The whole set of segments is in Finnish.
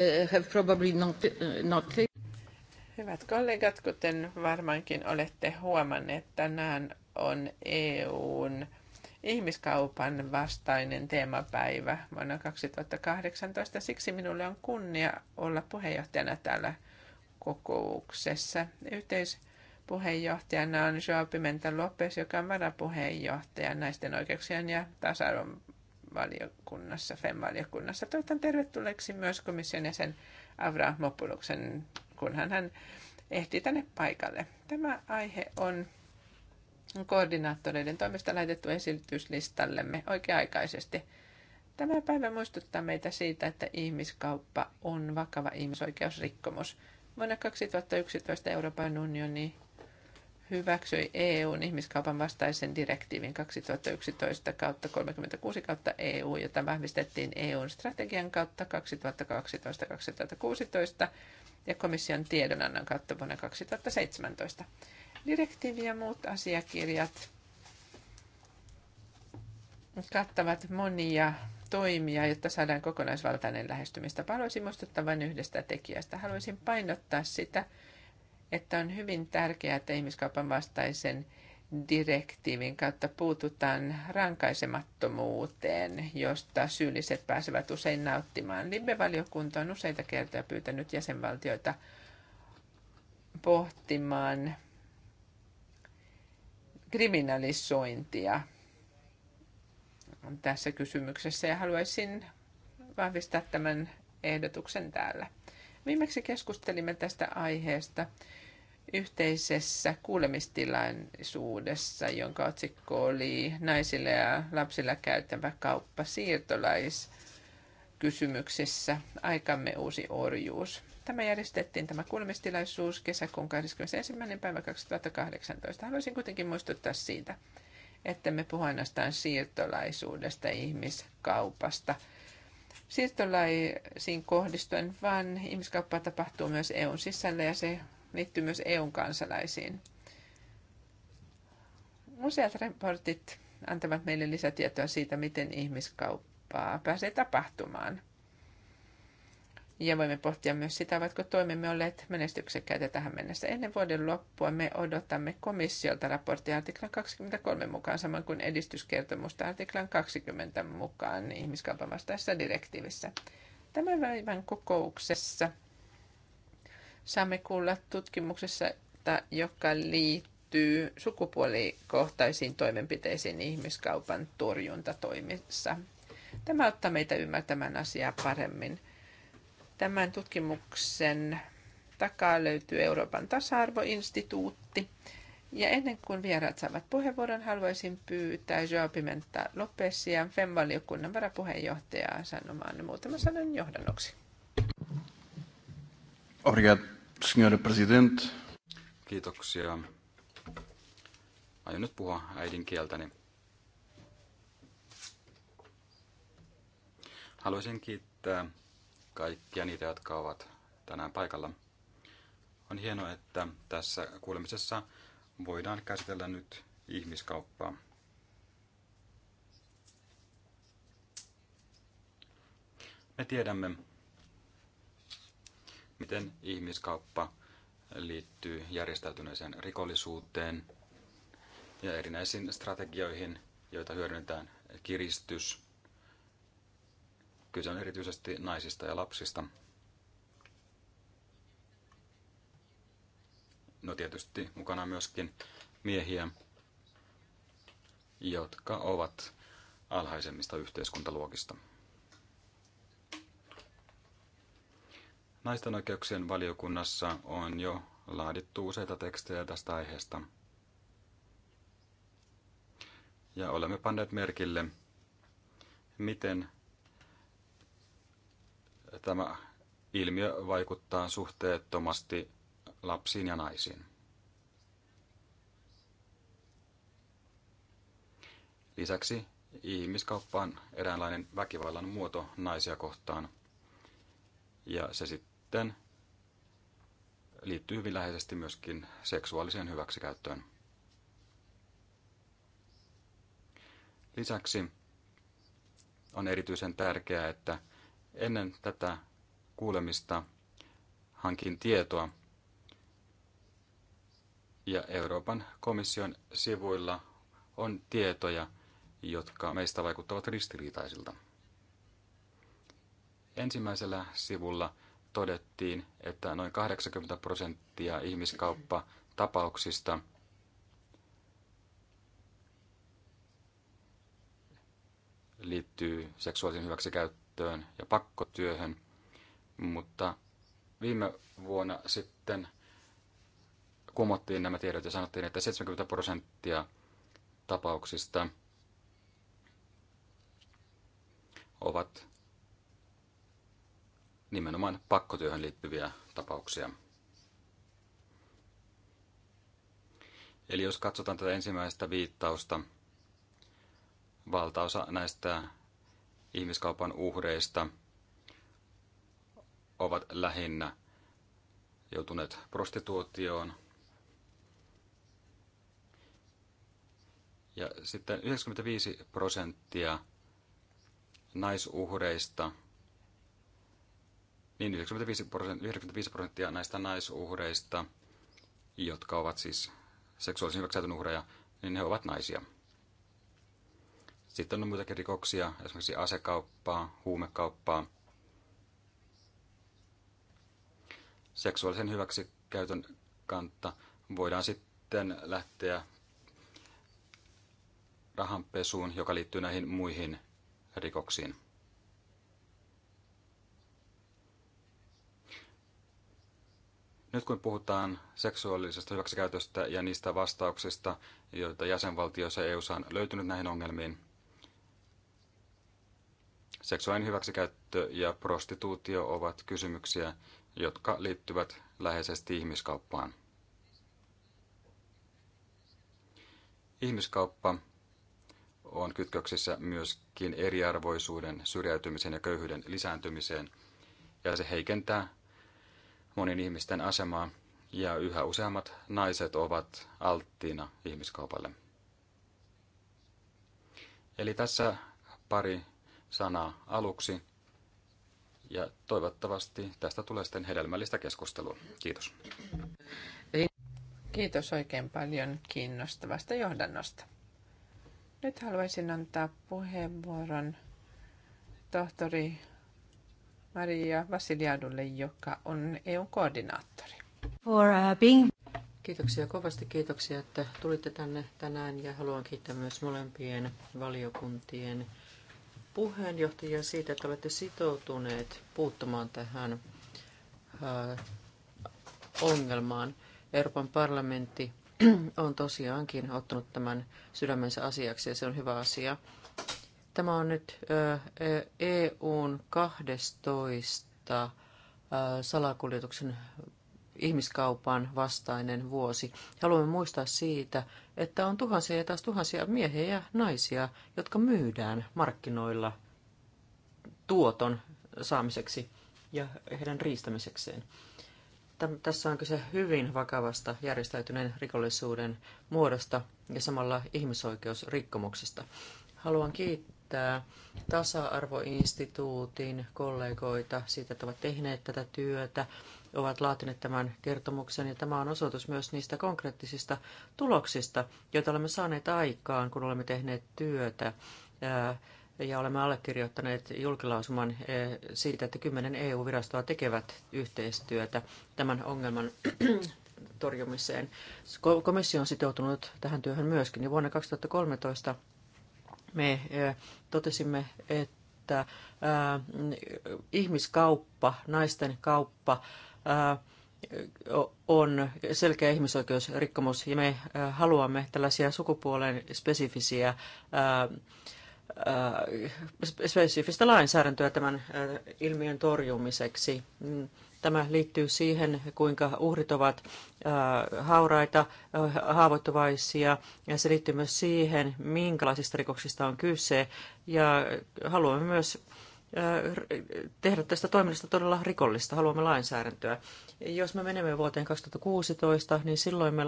Eh, have probably not, eh, not... Hyvät kollegat, kuten varmaankin olette huomanneet, tänään on EUn ihmiskaupan vastainen teemapäivä vuonna 2018. Siksi minulle on kunnia olla puheenjohtajana täällä kokouksessa. Yhteispuheenjohtajana on Joao Pimenta Lopes, joka on varapuheenjohtaja naisten oikeuksien ja tasa-arvon valiokunnassa, FEM-valiokunnassa. Toivotan tervetulleeksi myös komission jäsen Avramopuloksen, kunhan hän ehti tänne paikalle. Tämä aihe on koordinaattoreiden toimesta laitettu esityslistallemme oikea-aikaisesti. Tämä päivä muistuttaa meitä siitä, että ihmiskauppa on vakava ihmisoikeusrikkomus. Vuonna 2011 Euroopan unioni hyväksyi EUn ihmiskaupan vastaisen direktiivin 2011 kautta 36 kautta EU, jota vahvistettiin EUn strategian kautta 2012-2016 ja komission tiedonannon kautta vuonna 2017. Direktiivi ja muut asiakirjat kattavat monia toimia, jotta saadaan kokonaisvaltainen lähestymistä. Haluaisin muistuttaa vain yhdestä tekijästä. Haluaisin painottaa sitä, että on hyvin tärkeää, että ihmiskaupan vastaisen direktiivin kautta puututaan rankaisemattomuuteen, josta syylliset pääsevät usein nauttimaan. Libe-valiokunta on useita kertoja pyytänyt jäsenvaltioita pohtimaan kriminalisointia tässä kysymyksessä ja haluaisin vahvistaa tämän ehdotuksen täällä. Viimeksi keskustelimme tästä aiheesta yhteisessä kuulemistilaisuudessa, jonka otsikko oli naisille ja lapsille käytävä kauppa siirtolaiskysymyksissä, aikamme uusi orjuus. Tämä järjestettiin tämä kuulemistilaisuus kesäkuun 21. päivä 2018. Haluaisin kuitenkin muistuttaa siitä, että me puhuin ainoastaan siirtolaisuudesta, ihmiskaupasta, siirtolaisiin kohdistuen, vaan ihmiskauppaa tapahtuu myös EUn sisällä ja se liittyy myös EUn kansalaisiin. Useat raportit antavat meille lisätietoa siitä, miten ihmiskauppaa pääsee tapahtumaan. Ja voimme pohtia myös sitä, ovatko toimimme olleet menestyksekkäitä tähän mennessä. Ennen vuoden loppua me odotamme komissiolta raporttia artiklan 23 mukaan, samoin kuin edistyskertomusta artiklan 20 mukaan ihmiskaupan vastaisessa direktiivissä. Tämän päivän kokouksessa saamme kuulla tutkimuksessa, joka liittyy sukupuolikohtaisiin toimenpiteisiin ihmiskaupan torjuntatoimissa. Tämä auttaa meitä ymmärtämään asiaa paremmin. Tämän tutkimuksen takaa löytyy Euroopan tasa-arvoinstituutti. Ja ennen kuin vieraat saavat puheenvuoron, haluaisin pyytää Joa Pimenta Lopesia, FEM-valiokunnan varapuheenjohtajaa, sanomaan muutaman sanan johdannoksi. Obrigado, signora president. Kiitoksia. Aion nyt puhua äidinkieltäni. Haluaisin kiittää kaikkia niitä, jotka ovat tänään paikalla. On hienoa, että tässä kuulemisessa voidaan käsitellä nyt ihmiskauppaa. Me tiedämme, miten ihmiskauppa liittyy järjestäytyneeseen rikollisuuteen ja erinäisiin strategioihin, joita hyödynnetään kiristys. Kyse on erityisesti naisista ja lapsista. No tietysti mukana myöskin miehiä, jotka ovat alhaisemmista yhteiskuntaluokista. Naisten oikeuksien valiokunnassa on jo laadittu useita tekstejä tästä aiheesta. Ja olemme panneet merkille, miten tämä ilmiö vaikuttaa suhteettomasti lapsiin ja naisiin. Lisäksi ihmiskauppa on eräänlainen väkivallan muoto naisia kohtaan, ja se sitten sitten liittyy hyvin läheisesti myöskin seksuaaliseen hyväksikäyttöön. Lisäksi on erityisen tärkeää, että ennen tätä kuulemista hankin tietoa ja Euroopan komission sivuilla on tietoja, jotka meistä vaikuttavat ristiriitaisilta. Ensimmäisellä sivulla – todettiin, että noin 80 prosenttia ihmiskauppatapauksista liittyy seksuaalisen hyväksikäyttöön ja pakkotyöhön, mutta viime vuonna sitten kumottiin nämä tiedot ja sanottiin, että 70 prosenttia tapauksista ovat nimenomaan pakkotyöhön liittyviä tapauksia. Eli jos katsotaan tätä ensimmäistä viittausta, valtaosa näistä ihmiskaupan uhreista ovat lähinnä joutuneet prostituutioon. Ja sitten 95 prosenttia naisuhreista – niin 95 prosenttia, prosenttia näistä naisuhreista, jotka ovat siis seksuaalisen hyväksikäytön uhreja, niin he ovat naisia. Sitten on muitakin rikoksia, esimerkiksi asekauppaa, huumekauppaa, seksuaalisen hyväksikäytön kantta. Voidaan sitten lähteä rahanpesuun, joka liittyy näihin muihin rikoksiin. Nyt kun puhutaan seksuaalisesta hyväksikäytöstä ja niistä vastauksista, joita jäsenvaltioissa EU on löytynyt näihin ongelmiin, seksuaalinen hyväksikäyttö ja prostituutio ovat kysymyksiä, jotka liittyvät läheisesti ihmiskauppaan. Ihmiskauppa on kytköksissä myöskin eriarvoisuuden, syrjäytymisen ja köyhyyden lisääntymiseen, ja se heikentää monien ihmisten asemaa ja yhä useammat naiset ovat alttiina ihmiskaupalle. Eli tässä pari sanaa aluksi ja toivottavasti tästä tulee sitten hedelmällistä keskustelua. Kiitos. Kiitos oikein paljon kiinnostavasta johdannosta. Nyt haluaisin antaa puheenvuoron tohtori Maria Vasiliadulle, joka on EU-koordinaattori. For, uh, being... Kiitoksia kovasti, kiitoksia, että tulitte tänne tänään ja haluan kiittää myös molempien valiokuntien puheenjohtajia siitä, että olette sitoutuneet puuttumaan tähän uh, ongelmaan. Euroopan parlamentti on tosiaankin ottanut tämän sydämensä asiaksi ja se on hyvä asia tämä on nyt EUn 12 salakuljetuksen ihmiskaupan vastainen vuosi. Haluamme muistaa siitä, että on tuhansia ja taas tuhansia miehiä ja naisia, jotka myydään markkinoilla tuoton saamiseksi ja heidän riistämisekseen. Tässä on kyse hyvin vakavasta järjestäytyneen rikollisuuden muodosta ja samalla ihmisoikeusrikkomuksesta. Haluan kiittää kiittää tasa-arvoinstituutin kollegoita siitä, että ovat tehneet tätä työtä, ovat laatineet tämän kertomuksen ja tämä on osoitus myös niistä konkreettisista tuloksista, joita olemme saaneet aikaan, kun olemme tehneet työtä ja olemme allekirjoittaneet julkilausuman siitä, että kymmenen EU-virastoa tekevät yhteistyötä tämän ongelman torjumiseen. Komissio on sitoutunut tähän työhön myöskin. Ja vuonna 2013 me totesimme, että ihmiskauppa, naisten kauppa on selkeä ihmisoikeusrikkomus ja me haluamme tällaisia sukupuolen spesifisiä spesifistä lainsäädäntöä tämän ilmiön torjumiseksi. Mm. Tämä liittyy siihen, kuinka uhrit ovat hauraita, haavoittuvaisia, ja se liittyy myös siihen, minkälaisista rikoksista on kyse. Ja haluamme myös tehdä tästä toiminnasta todella rikollista. Haluamme lainsäädäntöä. Jos me menemme vuoteen 2016, niin silloin me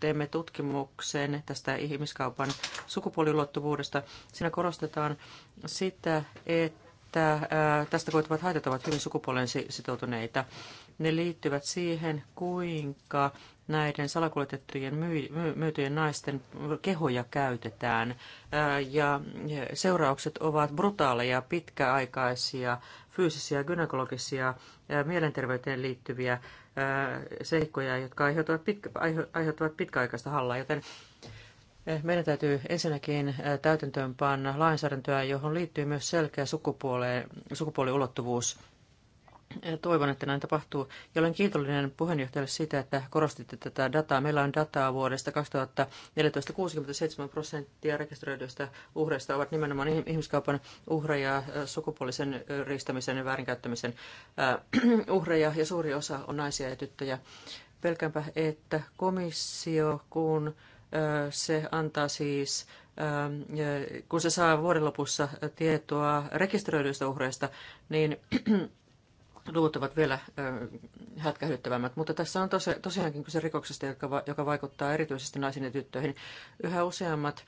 teemme tutkimuksen tästä ihmiskaupan sukupuoliulottuvuudesta. Siinä korostetaan sitä, että että tästä koituvat haitat ovat hyvin sukupuolen sitoutuneita. Ne liittyvät siihen, kuinka näiden salakuljetettujen myytyjen naisten kehoja käytetään. Ja seuraukset ovat brutaaleja, pitkäaikaisia, fyysisiä, gynekologisia, mielenterveyteen liittyviä seikkoja, jotka aiheuttavat, pitkä, aiheuttavat pitkäaikaista hallaa. Joten meidän täytyy ensinnäkin täytäntöönpanna lainsäädäntöä, johon liittyy myös selkeä sukupuoliulottuvuus. Toivon, että näin tapahtuu. Ja olen kiitollinen puheenjohtajalle siitä, että korostitte tätä dataa. Meillä on dataa vuodesta 2014. 67 prosenttia rekisteröidyistä uhreista ovat nimenomaan ihmiskaupan uhreja, sukupuolisen riistämisen ja väärinkäyttämisen uhreja. Ja suuri osa on naisia ja tyttöjä. Pelkäänpä, että komissio, kun se antaa siis, kun se saa vuoden lopussa tietoa rekisteröidyistä uhreista, niin luvut ovat vielä hätkähdyttävämmät, mutta tässä on tosi, tosiaankin kyse rikoksesta, joka, joka vaikuttaa erityisesti naisiin ja tyttöihin. Yhä useammat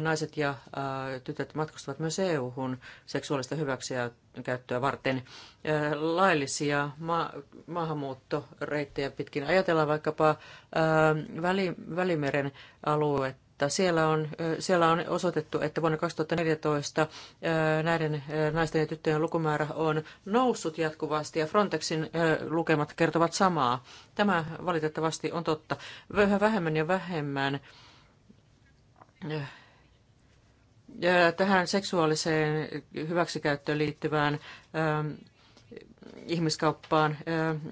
naiset ja tytöt matkustavat myös EU-hun seksuaalista hyväksikäyttöä varten. Laillisia ma- maahanmuuttoreittejä pitkin. Ajatellaan vaikkapa väli, Välimeren aluetta mutta siellä on, siellä on osoitettu, että vuonna 2014 näiden naisten ja tyttöjen lukumäärä on noussut jatkuvasti ja Frontexin lukemat kertovat samaa. Tämä valitettavasti on totta. Vähän vähemmän ja vähemmän tähän seksuaaliseen hyväksikäyttöön liittyvään ihmiskauppaan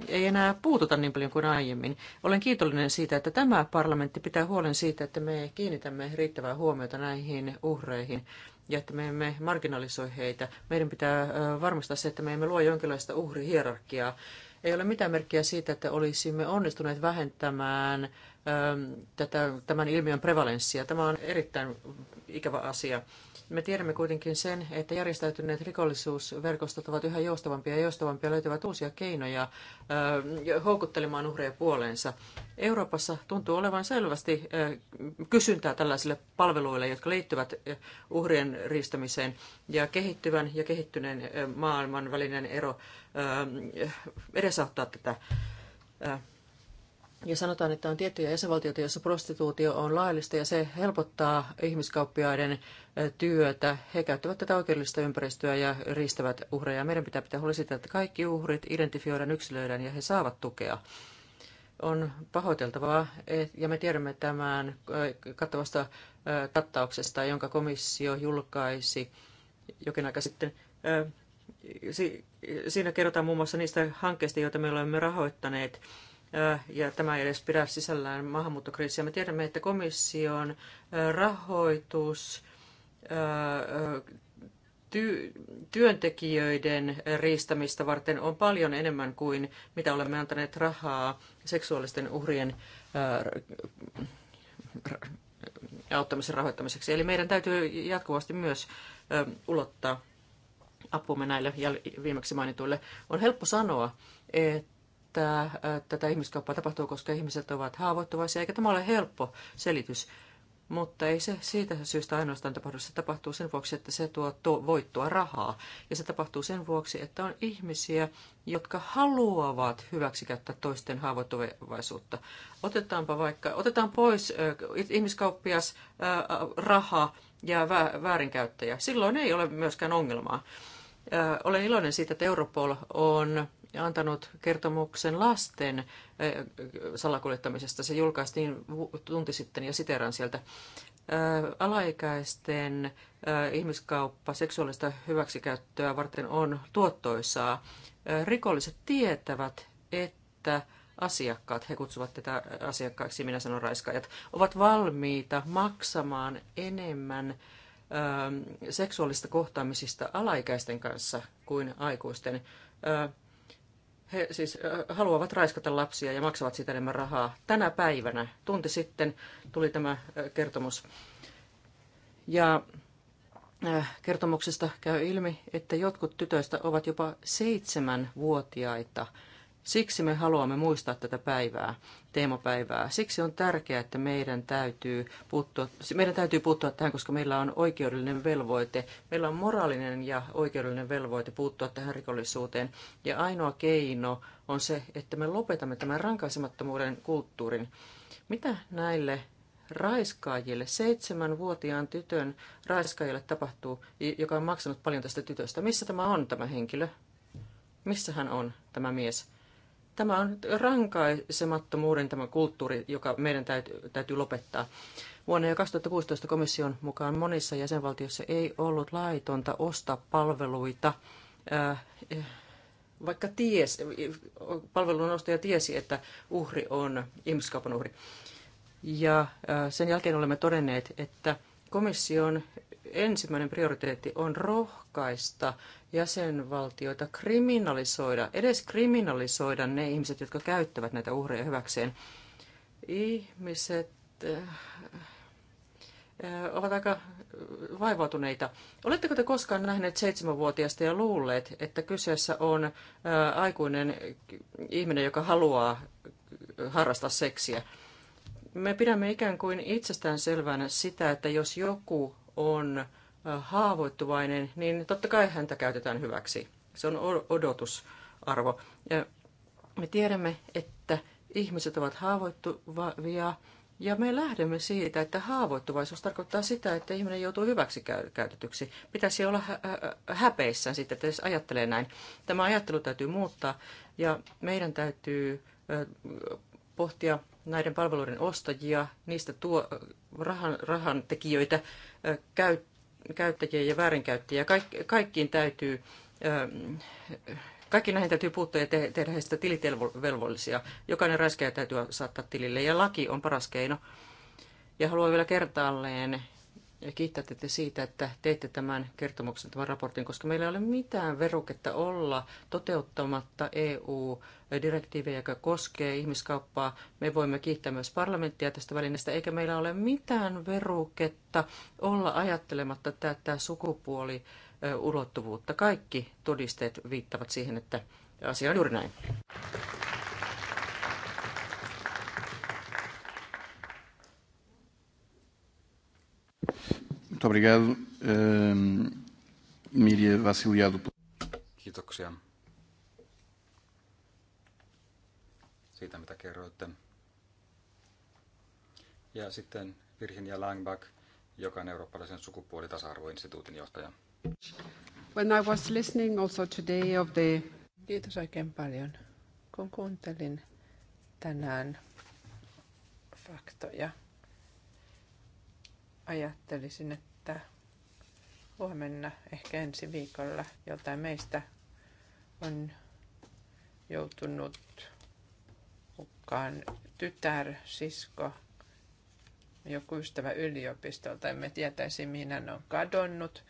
ei enää puututa niin paljon kuin aiemmin. Olen kiitollinen siitä, että tämä parlamentti pitää huolen siitä, että me kiinnitämme riittävää huomiota näihin uhreihin ja että me emme marginalisoi heitä. Meidän pitää varmistaa se, että me emme luo jonkinlaista uhrihierarkiaa. Ei ole mitään merkkiä siitä, että olisimme onnistuneet vähentämään tätä, tämän ilmiön prevalenssia. Tämä on erittäin ikävä asia. Me tiedämme kuitenkin sen, että järjestäytyneet rikollisuusverkostot ovat yhä joustavampia ja joustavampia löytävät uusia keinoja ö, houkuttelemaan uhreja puoleensa. Euroopassa tuntuu olevan selvästi ö, kysyntää tällaisille palveluille, jotka liittyvät uhrien riistämiseen ja kehittyvän ja kehittyneen maailman välinen ero ö, edesauttaa tätä. Ö, ja sanotaan, että on tiettyjä jäsenvaltioita, joissa prostituutio on laillista ja se helpottaa ihmiskauppiaiden työtä. He käyttävät tätä oikeudellista ympäristöä ja riistävät uhreja. Meidän pitää pitää huoli siitä, että kaikki uhrit identifioidaan, yksilöidään ja he saavat tukea. On pahoiteltavaa, ja me tiedämme tämän kattavasta kattauksesta, jonka komissio julkaisi jokin aika sitten siinä kerrotaan muun muassa niistä hankkeista, joita me olemme rahoittaneet ja tämä ei edes pidä sisällään maahanmuuttokriisiä. Me tiedämme, että komission rahoitus työntekijöiden riistämistä varten on paljon enemmän kuin mitä olemme antaneet rahaa seksuaalisten uhrien auttamisen rahoittamiseksi. Eli meidän täytyy jatkuvasti myös ulottaa apumme näille viimeksi mainituille. On helppo sanoa, että että äh, tätä ihmiskauppaa tapahtuu, koska ihmiset ovat haavoittuvaisia, eikä tämä ole helppo selitys. Mutta ei se siitä syystä ainoastaan tapahdu. Se tapahtuu sen vuoksi, että se tuo, tuo voittoa rahaa. Ja se tapahtuu sen vuoksi, että on ihmisiä, jotka haluavat hyväksikäyttää toisten haavoittuvaisuutta. Otetaanpa vaikka, otetaan pois äh, ihmiskauppias äh, raha ja vä, väärinkäyttäjä. Silloin ei ole myöskään ongelmaa. Äh, olen iloinen siitä, että Europol on antanut kertomuksen lasten salakuljettamisesta. Se julkaistiin tunti sitten ja siteran sieltä. Alaikäisten ihmiskauppa seksuaalista hyväksikäyttöä varten on tuottoisaa. Rikolliset tietävät, että asiakkaat, he kutsuvat tätä asiakkaiksi, minä sanon raiskaajat, ovat valmiita maksamaan enemmän seksuaalista kohtaamisista alaikäisten kanssa kuin aikuisten he siis haluavat raiskata lapsia ja maksavat siitä enemmän rahaa. Tänä päivänä, tunti sitten, tuli tämä kertomus. Ja kertomuksesta käy ilmi, että jotkut tytöistä ovat jopa seitsemän vuotiaita Siksi me haluamme muistaa tätä päivää, teemapäivää. Siksi on tärkeää, että meidän täytyy, puuttua, meidän täytyy puuttua tähän, koska meillä on oikeudellinen velvoite. Meillä on moraalinen ja oikeudellinen velvoite puuttua tähän rikollisuuteen. Ja ainoa keino on se, että me lopetamme tämän rankaisemattomuuden kulttuurin. Mitä näille raiskaajille, seitsemänvuotiaan tytön raiskaajille tapahtuu, joka on maksanut paljon tästä tytöstä? Missä tämä on tämä henkilö? Missä hän on, tämä mies? Tämä on rankaisemattomuuden tämä kulttuuri, joka meidän täytyy, täytyy lopettaa. Vuonna 2016 komission mukaan monissa jäsenvaltioissa ei ollut laitonta ostaa palveluita, äh, eh, vaikka ties, palvelun ostaja tiesi, että uhri on ihmiskaupan uhri. Ja äh, sen jälkeen olemme todenneet, että Komission ensimmäinen prioriteetti on rohkaista jäsenvaltioita kriminalisoida, edes kriminalisoida ne ihmiset, jotka käyttävät näitä uhreja hyväkseen. Ihmiset eh, eh, ovat aika vaivautuneita. Oletteko te koskaan nähneet seitsemänvuotiaista ja luulleet, että kyseessä on eh, aikuinen ihminen, joka haluaa harrastaa seksiä? me pidämme ikään kuin itsestään selvänä sitä, että jos joku on äh, haavoittuvainen, niin totta kai häntä käytetään hyväksi. Se on odotusarvo. Me tiedämme, että ihmiset ovat haavoittuvia ja me lähdemme siitä, että haavoittuvaisuus tarkoittaa sitä, että ihminen joutuu hyväksi käytetyksi. Pitäisi olla häpeissään sitten, että jos ajattelee näin. Tämä ajattelu täytyy muuttaa ja meidän täytyy pohtia näiden palveluiden ostajia, niistä tuo rahan, rahan tekijöitä, käy, käyttäjiä ja väärinkäyttäjiä. Kaik, kaikkiin täytyy, kaikki näihin täytyy puuttua ja te, tehdä heistä tilitelvollisia Jokainen räiskäjä täytyy saattaa tilille ja laki on paras keino. Ja haluan vielä kertaalleen kiittää teitä siitä, että teitte tämän kertomuksen, tämän raportin, koska meillä ei ole mitään veruketta olla toteuttamatta EU-direktiivejä, joka koskee ihmiskauppaa. Me voimme kiittää myös parlamenttia tästä välineestä, eikä meillä ole mitään veruketta olla ajattelematta tätä sukupuoliulottuvuutta. Kaikki todisteet viittavat siihen, että asia on juuri näin. Muito obrigado, Mirja ehm, Vassiliado. Kiitoksia siitä, mitä kerroitte. Ja sitten Virginia Langback, joka on eurooppalaisen sukupuolitasa-arvoinstituutin johtaja. When I was listening also today of the... Kiitos oikein paljon. Kun kuuntelin tänään faktoja, ajattelisin, että huomenna, ehkä ensi viikolla, jotain meistä on joutunut hukkaan tytär, sisko, joku ystävä yliopistolta. Emme tietäisi, mihin hän on kadonnut,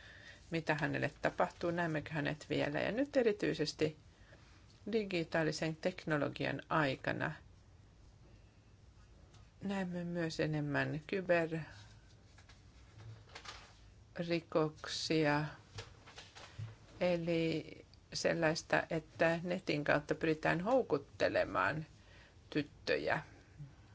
mitä hänelle tapahtuu, näemmekö hänet vielä. Ja nyt erityisesti digitaalisen teknologian aikana näemme myös enemmän kyber rikoksia, eli sellaista, että netin kautta pyritään houkuttelemaan tyttöjä.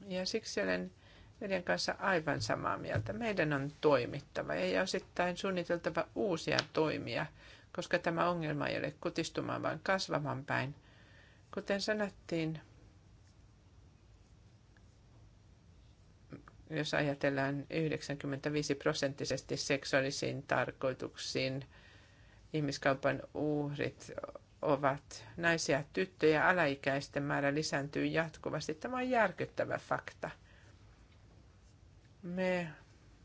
Ja siksi olen meidän kanssa aivan samaa mieltä. Meidän on toimittava ja osittain suunniteltava uusia toimia, koska tämä ongelma ei ole kutistumaan, vaan kasvamaan päin. Kuten sanottiin, jos ajatellaan 95 prosenttisesti seksuaalisiin tarkoituksiin, ihmiskaupan uhrit ovat naisia, tyttöjä, alaikäisten määrä lisääntyy jatkuvasti. Tämä on järkyttävä fakta. Me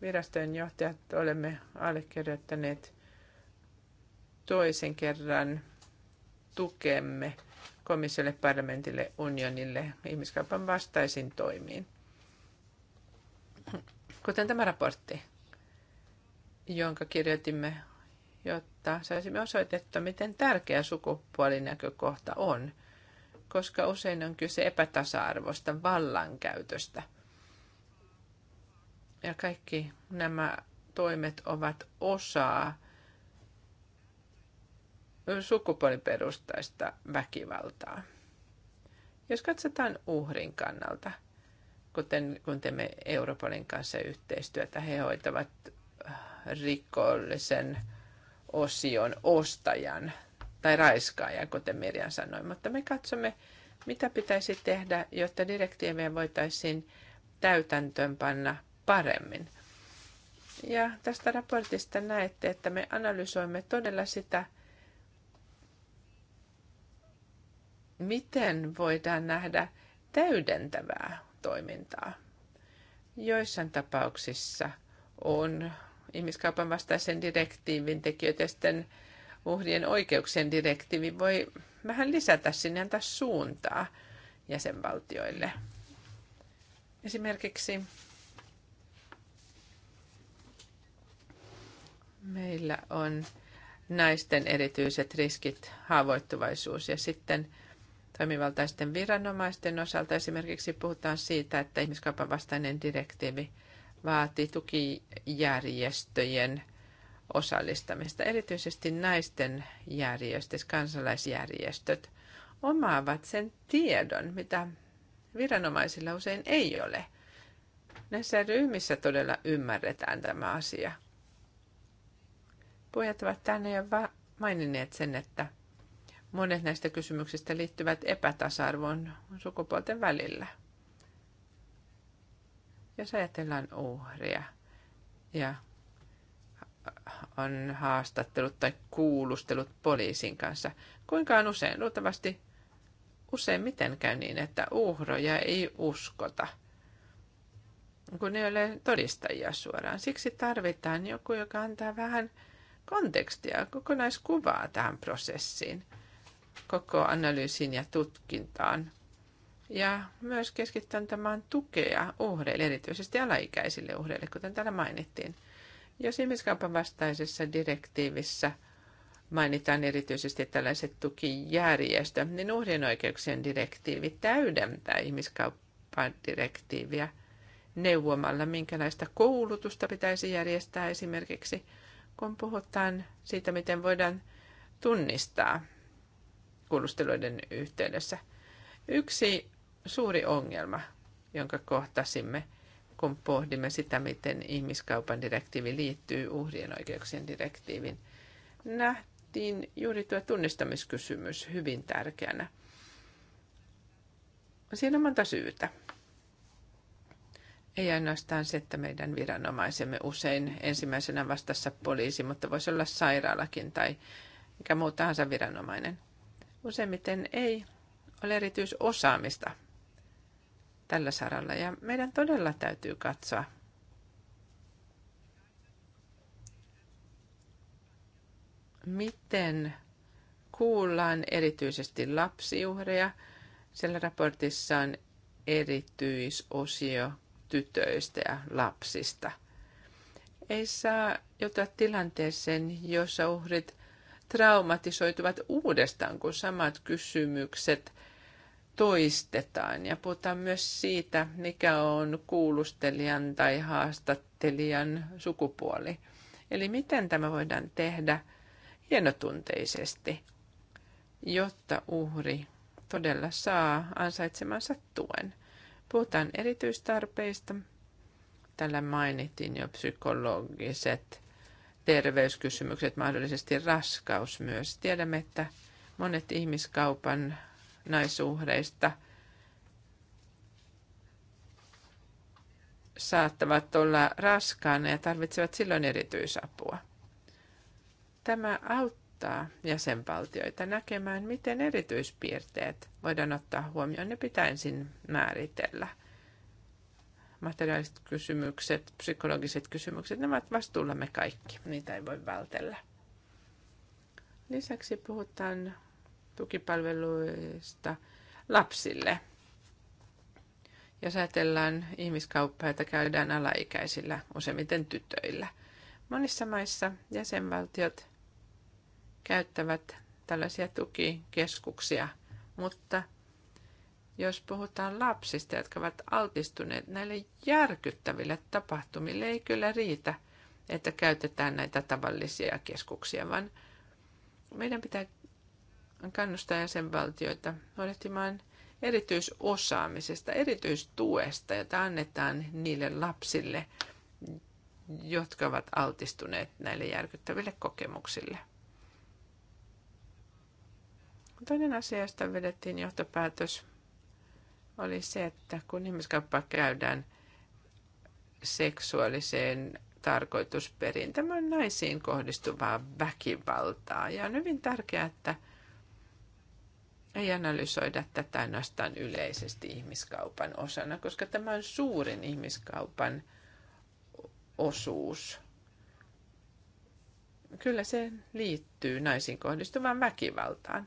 virastojen johtajat olemme allekirjoittaneet toisen kerran tukemme komissiolle, parlamentille, unionille ihmiskaupan vastaisin toimiin kuten tämä raportti, jonka kirjoitimme, jotta saisimme osoitettua, miten tärkeä sukupuolinäkökohta on, koska usein on kyse epätasa-arvosta, vallankäytöstä. Ja kaikki nämä toimet ovat osaa sukupuoliperustaista väkivaltaa. Jos katsotaan uhrin kannalta – kuten kun teemme Europolin kanssa yhteistyötä, he hoitavat äh, rikollisen osion ostajan tai raiskaajan, kuten Mirja sanoi. Mutta me katsomme, mitä pitäisi tehdä, jotta direktiivejä voitaisiin täytäntöönpanna paremmin. Ja tästä raportista näette, että me analysoimme todella sitä, miten voidaan nähdä täydentävää toimintaa. Joissain tapauksissa on ihmiskaupan vastaisen direktiivin tekijöitä sitten uhrien oikeuksien direktiivi voi vähän lisätä sinne antaa suuntaa jäsenvaltioille. Esimerkiksi meillä on naisten erityiset riskit, haavoittuvaisuus ja sitten toimivaltaisten viranomaisten osalta esimerkiksi puhutaan siitä, että ihmiskaupan vastainen direktiivi vaati tukijärjestöjen osallistamista. Erityisesti naisten järjestöt, kansalaisjärjestöt omaavat sen tiedon, mitä viranomaisilla usein ei ole. Näissä ryhmissä todella ymmärretään tämä asia. Puhujat ovat tänne jo maininneet sen, että Monet näistä kysymyksistä liittyvät epätasa-arvoon sukupuolten välillä. Jos ajatellaan uhria ja on haastattelut tai kuulustelut poliisin kanssa, on usein, luultavasti useimmiten käy niin, että uhroja ei uskota, kun ei ole todistajia suoraan. Siksi tarvitaan joku, joka antaa vähän kontekstia, kokonaiskuvaa tähän prosessiin – koko analyysiin ja tutkintaan. Ja myös keskittän tämän tukea uhreille, erityisesti alaikäisille uhreille, kuten täällä mainittiin. Jos ihmiskaupan vastaisessa direktiivissä mainitaan erityisesti tällaiset tukijärjestö, niin uhrien oikeuksien direktiivi täydentää ihmiskauppadirektiiviä neuvomalla, minkälaista koulutusta pitäisi järjestää esimerkiksi, kun puhutaan siitä, miten voidaan tunnistaa kuulusteluiden yhteydessä. Yksi suuri ongelma, jonka kohtasimme, kun pohdimme sitä, miten ihmiskaupan direktiivi liittyy uhrien oikeuksien direktiivin, nähtiin juuri tuo tunnistamiskysymys hyvin tärkeänä. Siinä on monta syytä. Ei ainoastaan se, että meidän viranomaisemme usein ensimmäisenä vastassa poliisi, mutta voisi olla sairaalakin tai mikä muu tahansa viranomainen – Useimmiten ei ole erityisosaamista tällä saralla ja meidän todella täytyy katsoa miten kuullaan erityisesti lapsiuhreja. Siellä raportissa on erityisosio tytöistä ja lapsista. Ei saa joutua tilanteeseen, jossa uhrit traumatisoituvat uudestaan, kun samat kysymykset toistetaan. Ja puhutaan myös siitä, mikä on kuulustelijan tai haastattelijan sukupuoli. Eli miten tämä voidaan tehdä hienotunteisesti, jotta uhri todella saa ansaitsemansa tuen. Puhutaan erityistarpeista. Tällä mainittiin jo psykologiset terveyskysymykset, mahdollisesti raskaus myös. Tiedämme, että monet ihmiskaupan naisuhreista saattavat olla raskaana ja tarvitsevat silloin erityisapua. Tämä auttaa jäsenvaltioita näkemään, miten erityispiirteet voidaan ottaa huomioon. Ne pitää ensin määritellä – materiaaliset kysymykset, psykologiset kysymykset, nämä ovat vastuullamme kaikki. Niitä ei voi vältellä. Lisäksi puhutaan tukipalveluista lapsille. ja ajatellaan ihmiskauppaa, jota käydään alaikäisillä, useimmiten tytöillä. Monissa maissa jäsenvaltiot käyttävät tällaisia tukikeskuksia, mutta jos puhutaan lapsista, jotka ovat altistuneet näille järkyttäville tapahtumille, ei kyllä riitä, että käytetään näitä tavallisia keskuksia, vaan meidän pitää kannustaa jäsenvaltioita huolehtimaan erityisosaamisesta, erityistuesta, jota annetaan niille lapsille, jotka ovat altistuneet näille järkyttäville kokemuksille. Toinen asia, josta vedettiin johtopäätös oli se, että kun ihmiskauppaa käydään seksuaaliseen tarkoitusperin, tämä on naisiin kohdistuvaa väkivaltaa. Ja on hyvin tärkeää, että ei analysoida tätä ainoastaan yleisesti ihmiskaupan osana, koska tämä on suurin ihmiskaupan osuus. Kyllä se liittyy naisiin kohdistuvaan väkivaltaan.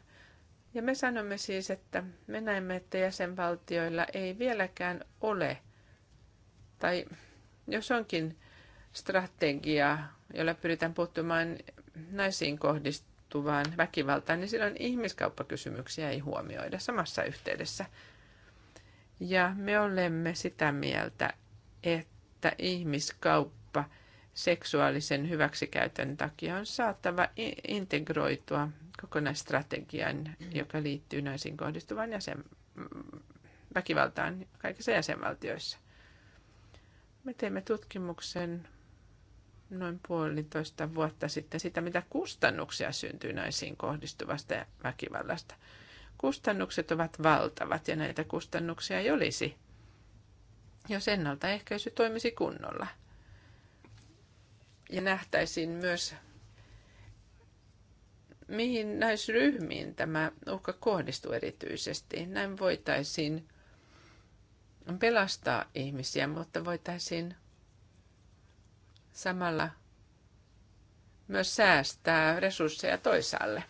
Ja me sanomme siis, että me näemme, että jäsenvaltioilla ei vieläkään ole, tai jos onkin strategiaa, jolla pyritään puuttumaan naisiin kohdistuvaan väkivaltaan, niin silloin ihmiskauppakysymyksiä ei huomioida samassa yhteydessä. Ja me olemme sitä mieltä, että ihmiskauppa seksuaalisen hyväksikäytön takia on saatava integroitua kokonaisstrategian, joka liittyy naisiin kohdistuvan jäsen, väkivaltaan kaikissa jäsenvaltioissa. Me teimme tutkimuksen noin puolitoista vuotta sitten sitä, mitä kustannuksia syntyy naisiin kohdistuvasta väkivallasta. Kustannukset ovat valtavat ja näitä kustannuksia ei olisi, jos ennaltaehkäisy toimisi kunnolla. Ja nähtäisiin myös mihin naisryhmiin tämä uhka kohdistuu erityisesti. Näin voitaisiin pelastaa ihmisiä, mutta voitaisiin samalla myös säästää resursseja toisaalle.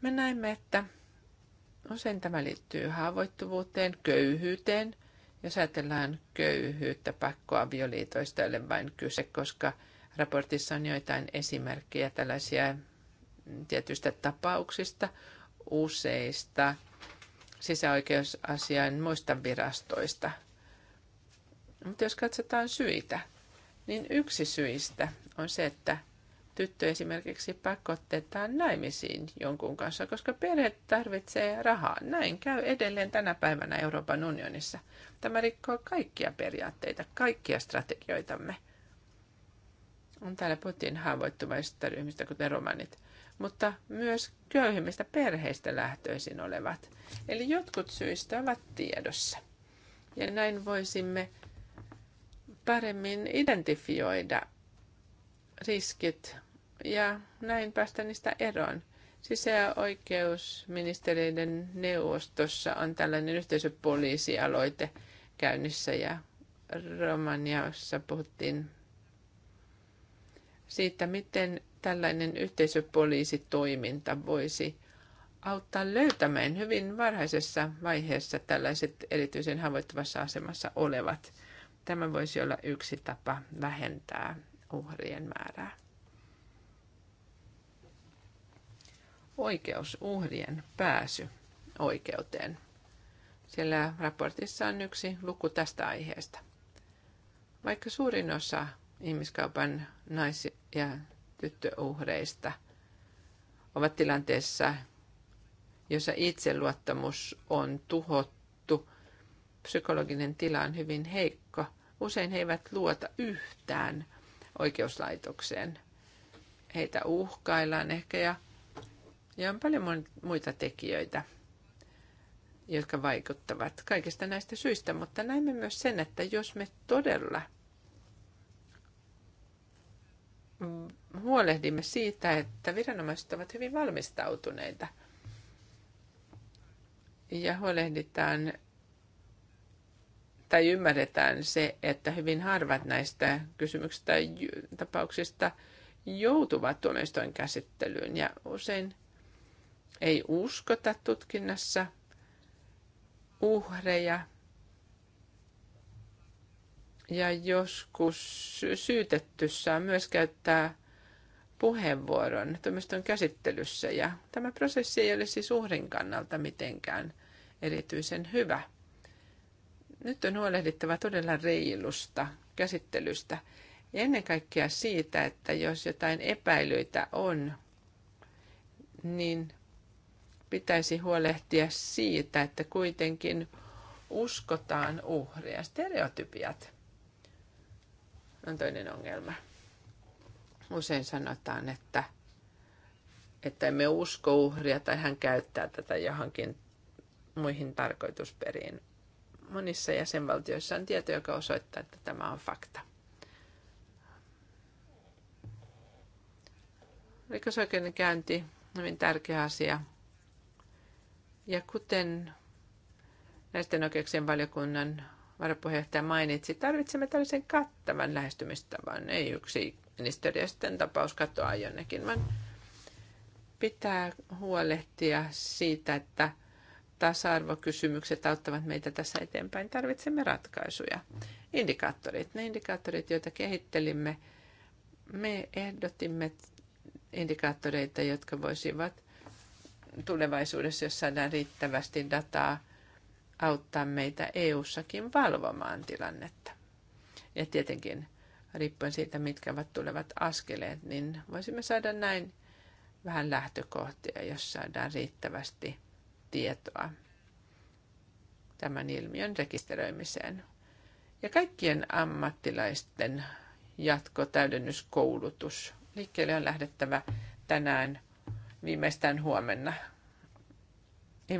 Me näemme, että usein tämä liittyy haavoittuvuuteen, köyhyyteen. Jos ajatellaan köyhyyttä, pakkoavioliitoista ei ole vain kyse, koska – Raportissa on joitain esimerkkejä tällaisia tietyistä tapauksista useista sisäoikeusasian muista virastoista. Mutta jos katsotaan syitä, niin yksi syistä on se, että tyttö esimerkiksi pakotetaan naimisiin jonkun kanssa, koska perhe tarvitsee rahaa. Näin käy edelleen tänä päivänä Euroopan unionissa. Tämä rikkoo kaikkia periaatteita, kaikkia strategioitamme – on täällä puhuttiin haavoittuvaisista ryhmistä, kuten romanit, mutta myös köyhimmistä perheistä lähtöisin olevat. Eli jotkut syistä ovat tiedossa. Ja näin voisimme paremmin identifioida riskit ja näin päästä niistä eroon. Sisäoikeusministeriöiden neuvostossa on tällainen yhteisöpoliisialoite käynnissä ja Romaniassa puhuttiin siitä, miten tällainen yhteisöpoliisitoiminta voisi auttaa löytämään hyvin varhaisessa vaiheessa tällaiset erityisen haavoittuvassa asemassa olevat. Tämä voisi olla yksi tapa vähentää uhrien määrää. Oikeus uhrien pääsy oikeuteen. Siellä raportissa on yksi luku tästä aiheesta. Vaikka suurin osa ihmiskaupan naisi, ja tyttöuhreista ovat tilanteessa, jossa itseluottamus on tuhottu, psykologinen tila on hyvin heikko. Usein he eivät luota yhtään oikeuslaitokseen. Heitä uhkaillaan ehkä ja, ja on paljon muita tekijöitä, jotka vaikuttavat kaikista näistä syistä, mutta näemme myös sen, että jos me todella – huolehdimme siitä, että viranomaiset ovat hyvin valmistautuneita ja huolehditaan tai ymmärretään se, että hyvin harvat näistä kysymyksistä tapauksista joutuvat tuomioistuin käsittelyyn ja usein ei uskota tutkinnassa uhreja – ja joskus syytettyssä myös käyttää puheenvuoron tuomiston käsittelyssä. Ja tämä prosessi ei ole siis uhrin kannalta mitenkään erityisen hyvä. Nyt on huolehdittava todella reilusta käsittelystä. Ja ennen kaikkea siitä, että jos jotain epäilyitä on, niin pitäisi huolehtia siitä, että kuitenkin uskotaan uhria. Stereotypiat on toinen ongelma. Usein sanotaan, että, että emme usko uhria tai hän käyttää tätä johonkin muihin tarkoitusperiin. Monissa jäsenvaltioissa on tieto, joka osoittaa, että tämä on fakta. käynti on hyvin tärkeä asia. Ja kuten näisten oikeuksien valiokunnan varapuheenjohtaja mainitsi, tarvitsemme tällaisen kattavan lähestymistavan. Ei yksi sitten tapaus katoa jonnekin, vaan pitää huolehtia siitä, että tasa-arvokysymykset auttavat meitä tässä eteenpäin. Tarvitsemme ratkaisuja. Indikaattorit. Ne indikaattorit, joita kehittelimme, me ehdotimme indikaattoreita, jotka voisivat tulevaisuudessa, jos saadaan riittävästi dataa, auttaa meitä EU-sakin valvomaan tilannetta. Ja tietenkin riippuen siitä, mitkä ovat tulevat askeleet, niin voisimme saada näin vähän lähtökohtia, jos saadaan riittävästi tietoa tämän ilmiön rekisteröimiseen. Ja kaikkien ammattilaisten jatkotäydennyskoulutus. Liikkeelle on lähdettävä tänään viimeistään huomenna. ja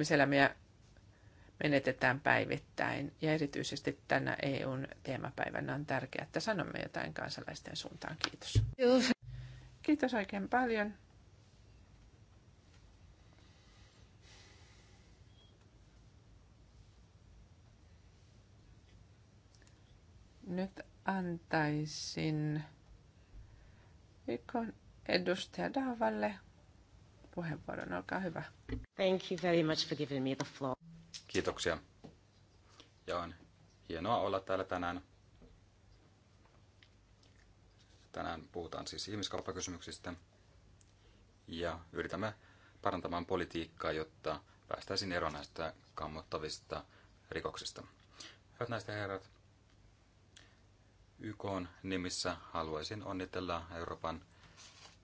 menetetään päivittäin. Ja erityisesti tänä EUn teemapäivänä on tärkeää, että sanomme jotain kansalaisten suuntaan. Kiitos. Kiitos oikein paljon. Nyt antaisin ykon edustaja Davalle puheenvuoron. Olkaa hyvä. Thank you very much for giving me the floor. Kiitoksia. Ja on hienoa olla täällä tänään. Tänään puhutaan siis ihmiskauppakysymyksistä ja yritämme parantamaan politiikkaa, jotta päästäisiin eroon näistä kammottavista rikoksista. Hyvät näistä herrat, YK on nimissä haluaisin onnitella Euroopan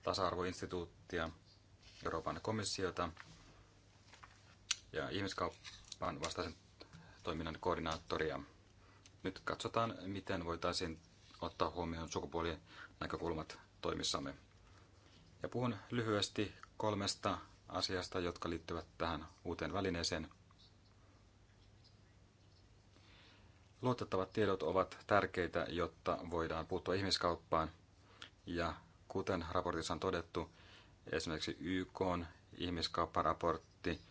tasa-arvoinstituuttia, Euroopan komissiota ja ihmiskauppa vaan vastaisen toiminnan koordinaattoria. Nyt katsotaan, miten voitaisiin ottaa huomioon sukupuolien näkökulmat toimissamme. Ja puhun lyhyesti kolmesta asiasta, jotka liittyvät tähän uuteen välineeseen. Luotettavat tiedot ovat tärkeitä, jotta voidaan puuttua ihmiskauppaan. Ja kuten raportissa on todettu, esimerkiksi YK ihmiskaupparaportti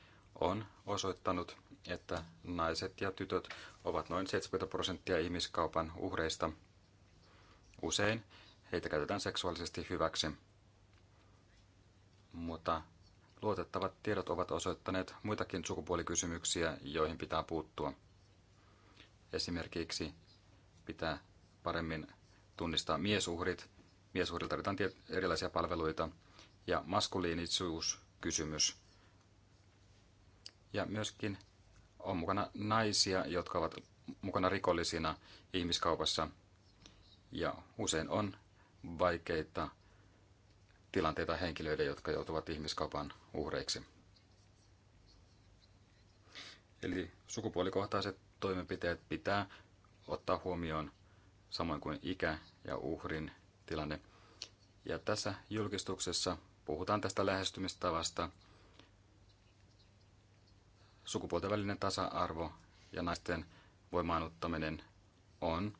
on osoittanut, että naiset ja tytöt ovat noin 70 prosenttia ihmiskaupan uhreista. Usein heitä käytetään seksuaalisesti hyväksi. Mutta luotettavat tiedot ovat osoittaneet muitakin sukupuolikysymyksiä, joihin pitää puuttua. Esimerkiksi pitää paremmin tunnistaa miesuhrit. Miesuhrilta tarvitaan erilaisia palveluita ja maskuliinisuuskysymys. Ja myöskin on mukana naisia, jotka ovat mukana rikollisina ihmiskaupassa ja usein on vaikeita tilanteita henkilöiden, jotka joutuvat ihmiskaupan uhreiksi. Eli sukupuolikohtaiset toimenpiteet pitää ottaa huomioon samoin kuin ikä ja uhrin tilanne. Ja tässä julkistuksessa puhutaan tästä lähestymistavasta – sukupuolten välinen tasa-arvo ja naisten voimaanottaminen on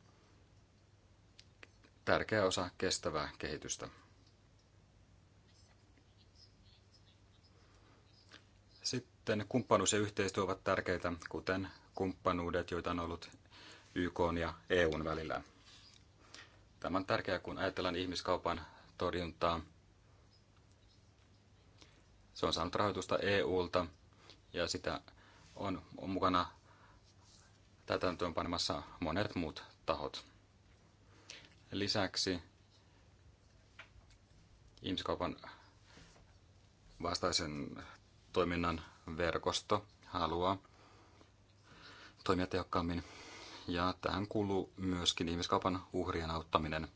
tärkeä osa kestävää kehitystä. Sitten kumppanuus ja yhteistyö ovat tärkeitä, kuten kumppanuudet, joita on ollut YK ja EUn välillä. Tämä on tärkeää, kun ajatellaan ihmiskaupan torjuntaa. Se on saanut rahoitusta EUlta ja sitä on, on mukana täytäntöön panemassa monet muut tahot. Lisäksi ihmiskaupan vastaisen toiminnan verkosto haluaa toimia tehokkaammin. Ja tähän kuuluu myöskin ihmiskaupan uhrien auttaminen.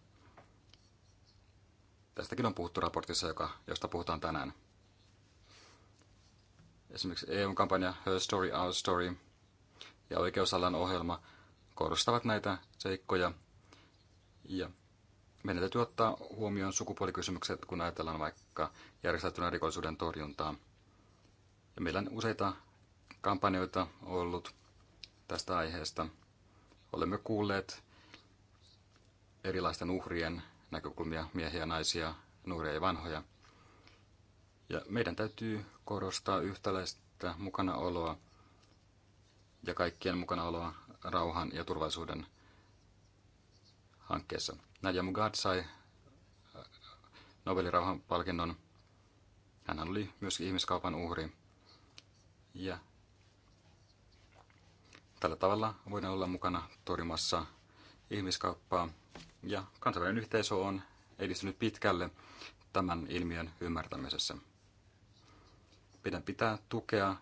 Tästäkin on puhuttu raportissa, joka, josta puhutaan tänään. Esimerkiksi EU-kampanja Her Story, Our Story ja oikeusalan ohjelma korostavat näitä seikkoja. Ja meidän täytyy ottaa huomioon sukupuolikysymykset, kun ajatellaan vaikka järjestäytyneen rikollisuuden torjuntaa. Ja meillä on useita kampanjoita ollut tästä aiheesta. Olemme kuulleet erilaisten uhrien näkökulmia, miehiä, naisia, nuoria ja vanhoja. Ja meidän täytyy korostaa yhtäläistä mukanaoloa ja kaikkien mukanaoloa rauhan ja turvallisuuden hankkeessa. Nadia Mugad sai äh, Nobelin rauhanpalkinnon. Hän oli myös ihmiskaupan uhri. Ja tällä tavalla voidaan olla mukana torjumassa ihmiskauppaa. Ja kansainvälinen yhteisö on edistynyt pitkälle tämän ilmiön ymmärtämisessä. Meidän pitää tukea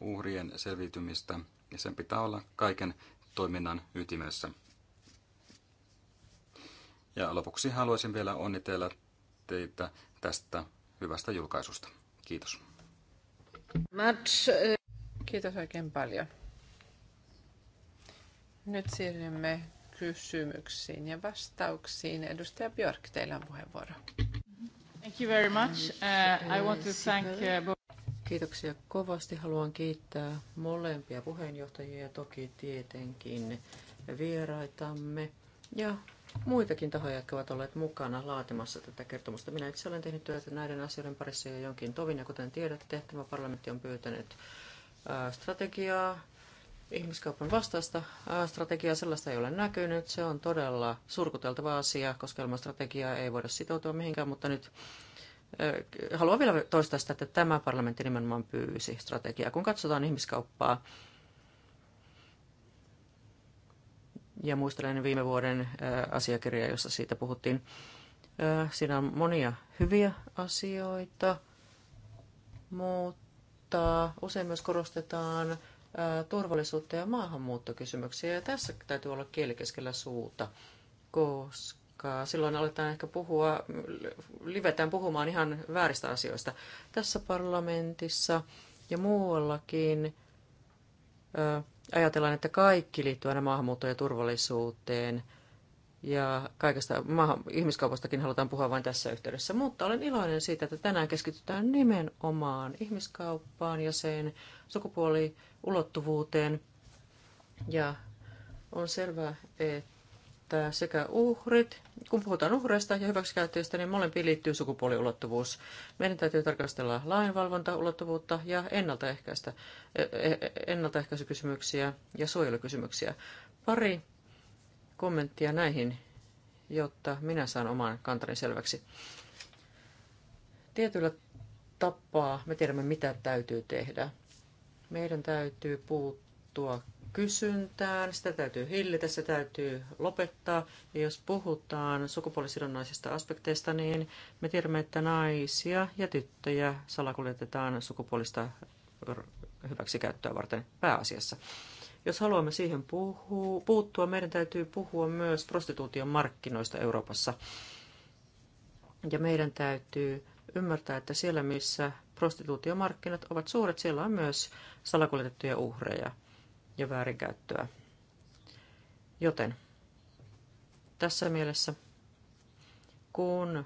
uhrien selviytymistä ja sen pitää olla kaiken toiminnan ytimessä. Ja lopuksi haluaisin vielä onnitella teitä tästä hyvästä julkaisusta. Kiitos. kiitos oikein paljon. Nyt siirrymme kysymyksiin ja vastauksiin. Edustaja Björk, teillä on puheenvuoro. Thank you very much. Uh, I want to thank uh, Kiitoksia kovasti. Haluan kiittää molempia puheenjohtajia ja toki tietenkin vieraitamme ja muitakin tahoja, jotka ovat olleet mukana laatimassa tätä kertomusta. Minä itse olen tehnyt työtä näiden asioiden parissa jo jonkin tovin, ja kuten tiedätte, tämä parlamentti on pyytänyt strategiaa, ihmiskaupan vastaista strategiaa, sellaista ei ole näkynyt. Se on todella surkuteltava asia, koska ilman strategiaa ei voida sitoutua mihinkään, mutta nyt haluan vielä toistaa sitä, että tämä parlamentti nimenomaan pyysi strategiaa. Kun katsotaan ihmiskauppaa ja muistelen viime vuoden asiakirjaa, jossa siitä puhuttiin, siinä on monia hyviä asioita, mutta usein myös korostetaan turvallisuutta ja maahanmuuttokysymyksiä. Ja tässä täytyy olla kieli keskellä suuta, koska koska Silloin aletaan ehkä puhua, livetään puhumaan ihan vääristä asioista. Tässä parlamentissa ja muuallakin ö, ajatellaan, että kaikki liittyy aina maahanmuuttoon ja turvallisuuteen. Ja kaikesta maahan, ihmiskaupastakin halutaan puhua vain tässä yhteydessä. Mutta olen iloinen siitä, että tänään keskitytään nimenomaan ihmiskauppaan ja sen sukupuoliulottuvuuteen. Ja on selvää, että että sekä uhrit, kun puhutaan uhreista ja hyväksikäyttäjistä, niin molempiin liittyy sukupuoliulottuvuus. Meidän täytyy tarkastella lainvalvontaulottuvuutta ja ennaltaehkäistä, e, e, ennaltaehkäisykysymyksiä ja suojelukysymyksiä. Pari kommenttia näihin, jotta minä saan oman kantani selväksi. Tietyllä tapaa me tiedämme, mitä täytyy tehdä. Meidän täytyy puuttua kysyntään, sitä täytyy hillitä, se täytyy lopettaa. Ja jos puhutaan sukupuolisidonnaisista aspekteista, niin me tiedämme, että naisia ja tyttöjä salakuljetetaan sukupuolista hyväksikäyttöä varten pääasiassa. Jos haluamme siihen puhua, puuttua, meidän täytyy puhua myös prostituution markkinoista Euroopassa. Ja meidän täytyy ymmärtää, että siellä missä prostituutiomarkkinat ovat suuret, siellä on myös salakuljetettuja uhreja – ja väärinkäyttöä. Joten tässä mielessä, kun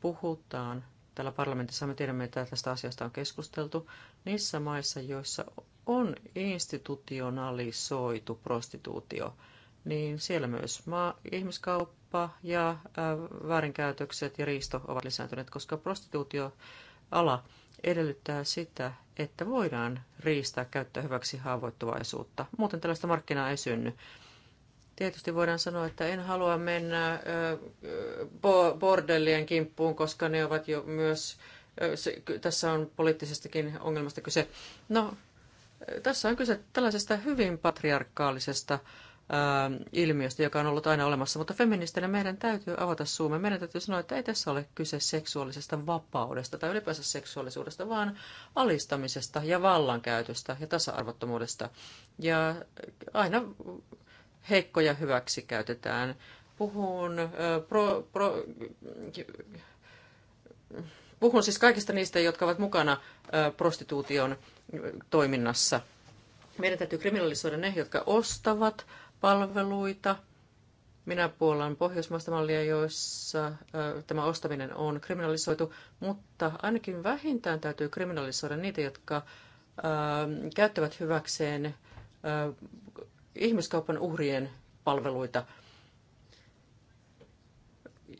puhutaan täällä parlamentissa, me tiedämme, että tästä asiasta on keskusteltu, niissä maissa, joissa on institutionalisoitu prostituutio, niin siellä myös maa, ihmiskauppa ja ää, väärinkäytökset ja riisto ovat lisääntyneet, koska prostituutioala edellyttää sitä, että voidaan riistää käyttää hyväksi haavoittuvaisuutta. Muuten tällaista markkinaa ei synny. Tietysti voidaan sanoa, että en halua mennä bordellien kimppuun, koska ne ovat jo myös, tässä on poliittisestakin ongelmasta kyse. No, tässä on kyse tällaisesta hyvin patriarkaalisesta äh, Ähm, ilmiöstä, joka on ollut aina olemassa, mutta feministinä meidän täytyy avata suumme. Meidän täytyy sanoa, että ei tässä ole kyse seksuaalisesta vapaudesta tai ylipäänsä seksuaalisuudesta, vaan alistamisesta ja vallankäytöstä ja tasa-arvottomuudesta. Ja aina heikkoja hyväksi käytetään. Puhun, äh, pro, pro, puhun siis kaikista niistä, jotka ovat mukana äh, prostituution toiminnassa. Meidän täytyy kriminalisoida ne, jotka ostavat, palveluita. Minä puolan pohjoismaista mallia, joissa tämä ostaminen on kriminalisoitu, mutta ainakin vähintään täytyy kriminalisoida niitä, jotka käyttävät hyväkseen ihmiskaupan uhrien palveluita.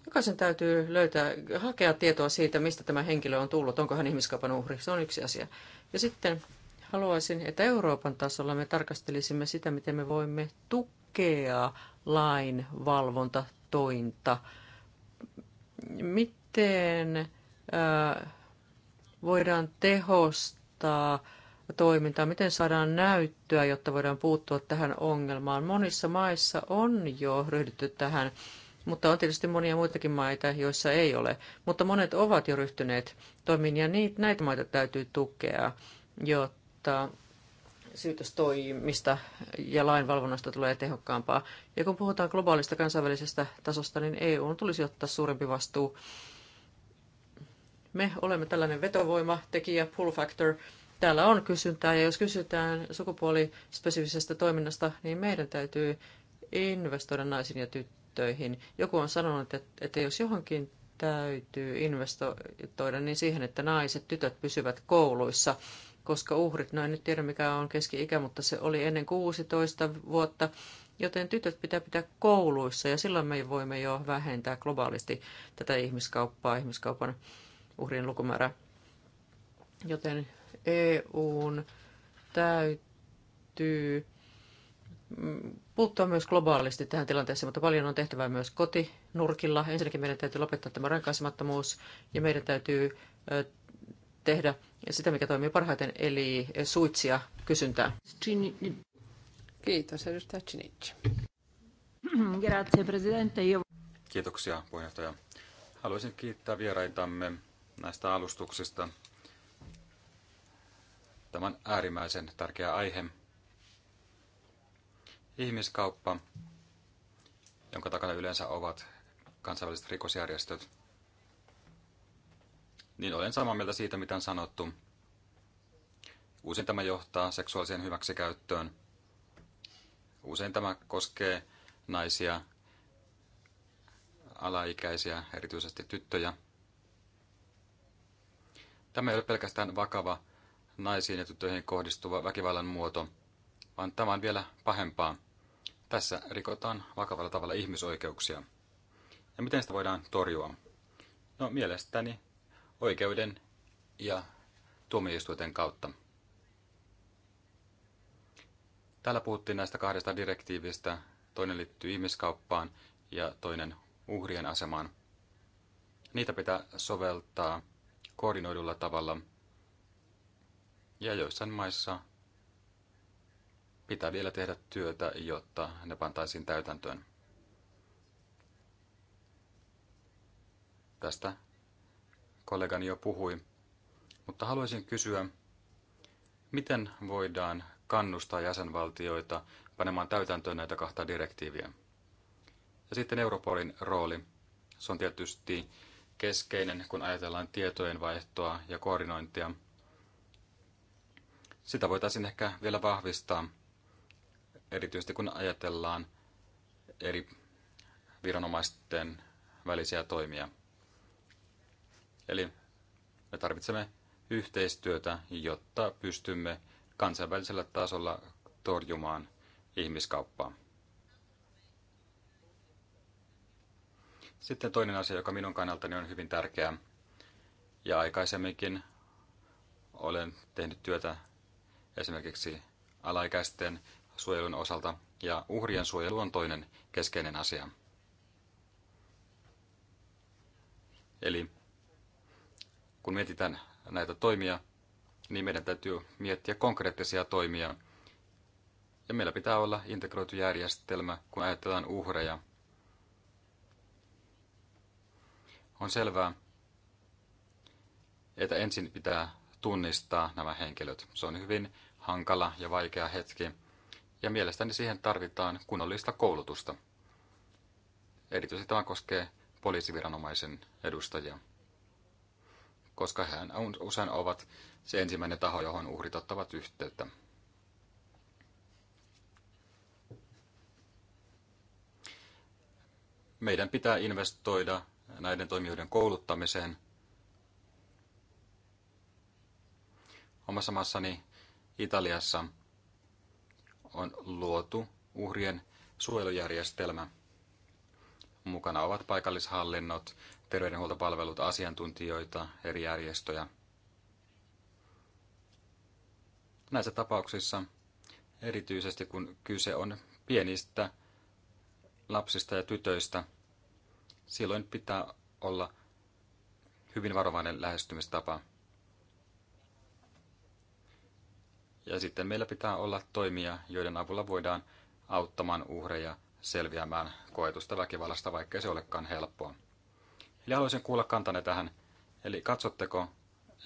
Jokaisen täytyy löytää, hakea tietoa siitä, mistä tämä henkilö on tullut, onko hän ihmiskaupan uhri. Se on yksi asia. Ja sitten Haluaisin, että Euroopan tasolla me tarkastelisimme sitä, miten me voimme tukea lainvalvontatointa. Miten voidaan tehostaa toimintaa, miten saadaan näyttöä, jotta voidaan puuttua tähän ongelmaan. Monissa maissa on jo ryhdytty tähän, mutta on tietysti monia muitakin maita, joissa ei ole. Mutta monet ovat jo ryhtyneet toimiin ja niitä, näitä maita täytyy tukea, jotta tota, syytöstoimista ja lainvalvonnasta tulee tehokkaampaa. Ja kun puhutaan globaalista kansainvälisestä tasosta, niin EU tulisi ottaa suurempi vastuu. Me olemme tällainen vetovoimatekijä, pull factor. Täällä on kysyntää ja jos kysytään sukupuolispesifisestä toiminnasta, niin meidän täytyy investoida naisiin ja tyttöihin. Joku on sanonut, että jos johonkin täytyy investoida, niin siihen, että naiset, tytöt pysyvät kouluissa koska uhrit, no en nyt tiedä mikä on keski-ikä, mutta se oli ennen 16 vuotta, joten tytöt pitää pitää kouluissa ja silloin me voimme jo vähentää globaalisti tätä ihmiskauppaa, ihmiskaupan uhrien lukumäärää. Joten EUn täytyy mm, puuttua myös globaalisti tähän tilanteeseen, mutta paljon on tehtävää myös kotinurkilla. Ensinnäkin meidän täytyy lopettaa tämä rankaisemattomuus ja meidän täytyy tehdä sitä, mikä toimii parhaiten, eli suitsia kysyntää. Kiitos, edustaja Chinichi. Grazie, presidente. Kiitoksia, puheenjohtaja. Haluaisin kiittää vieraitamme näistä alustuksista. Tämä on äärimmäisen tärkeä aihe. Ihmiskauppa, jonka takana yleensä ovat kansainväliset rikosjärjestöt – niin olen samaa mieltä siitä, mitä on sanottu. Usein tämä johtaa seksuaaliseen hyväksikäyttöön. Usein tämä koskee naisia, alaikäisiä, erityisesti tyttöjä. Tämä ei ole pelkästään vakava naisiin ja tyttöihin kohdistuva väkivallan muoto, vaan tämä on vielä pahempaa. Tässä rikotaan vakavalla tavalla ihmisoikeuksia. Ja miten sitä voidaan torjua? No mielestäni oikeuden ja tuomioistuinten kautta. Täällä puhuttiin näistä kahdesta direktiivistä. Toinen liittyy ihmiskauppaan ja toinen uhrien asemaan. Niitä pitää soveltaa koordinoidulla tavalla. Ja joissain maissa pitää vielä tehdä työtä, jotta ne pantaisiin täytäntöön. Tästä kollegani jo puhui, mutta haluaisin kysyä, miten voidaan kannustaa jäsenvaltioita panemaan täytäntöön näitä kahta direktiiviä? Ja sitten Europolin rooli. Se on tietysti keskeinen, kun ajatellaan tietojen vaihtoa ja koordinointia. Sitä voitaisiin ehkä vielä vahvistaa, erityisesti kun ajatellaan eri viranomaisten välisiä toimia. Eli me tarvitsemme yhteistyötä, jotta pystymme kansainvälisellä tasolla torjumaan ihmiskauppaa. Sitten toinen asia, joka minun kannaltani on hyvin tärkeä, ja aikaisemminkin olen tehnyt työtä esimerkiksi alaikäisten suojelun osalta, ja uhrien suojelu on toinen keskeinen asia. Eli kun mietitään näitä toimia, niin meidän täytyy miettiä konkreettisia toimia. Ja meillä pitää olla integroitu järjestelmä, kun ajatellaan uhreja. On selvää, että ensin pitää tunnistaa nämä henkilöt. Se on hyvin hankala ja vaikea hetki, ja mielestäni siihen tarvitaan kunnollista koulutusta. Erityisesti tämä koskee poliisiviranomaisen edustajia koska hän usein ovat se ensimmäinen taho, johon uhrit ottavat yhteyttä. Meidän pitää investoida näiden toimijoiden kouluttamiseen. Omassa maassani Italiassa on luotu uhrien suojelujärjestelmä. Mukana ovat paikallishallinnot, terveydenhuoltopalvelut, asiantuntijoita, eri järjestöjä. Näissä tapauksissa, erityisesti kun kyse on pienistä lapsista ja tytöistä, silloin pitää olla hyvin varovainen lähestymistapa. Ja sitten meillä pitää olla toimia, joiden avulla voidaan auttamaan uhreja selviämään koetusta väkivallasta, vaikka se olekaan helppoa. Eli haluaisin kuulla kantanne tähän. Eli katsotteko,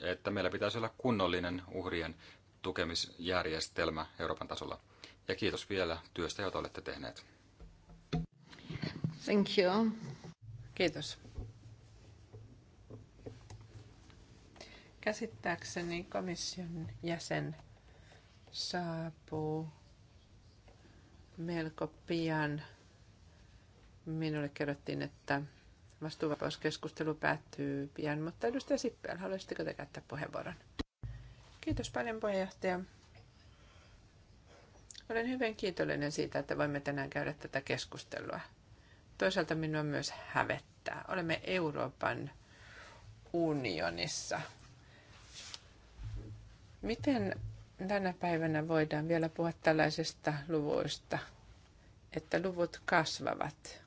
että meillä pitäisi olla kunnollinen uhrien tukemisjärjestelmä Euroopan tasolla? Ja kiitos vielä työstä, jota olette tehneet. Thank you. Kiitos. Käsittääkseni komission jäsen saapuu melko pian. Minulle kerrottiin, että Vastuuvapauskeskustelu päättyy pian, mutta edustaja Sippel, haluaisitteko te käyttää puheenvuoron? Kiitos paljon puheenjohtaja. Olen hyvin kiitollinen siitä, että voimme tänään käydä tätä keskustelua. Toisaalta minua myös hävettää. Olemme Euroopan unionissa. Miten tänä päivänä voidaan vielä puhua tällaisista luvuista, että luvut kasvavat?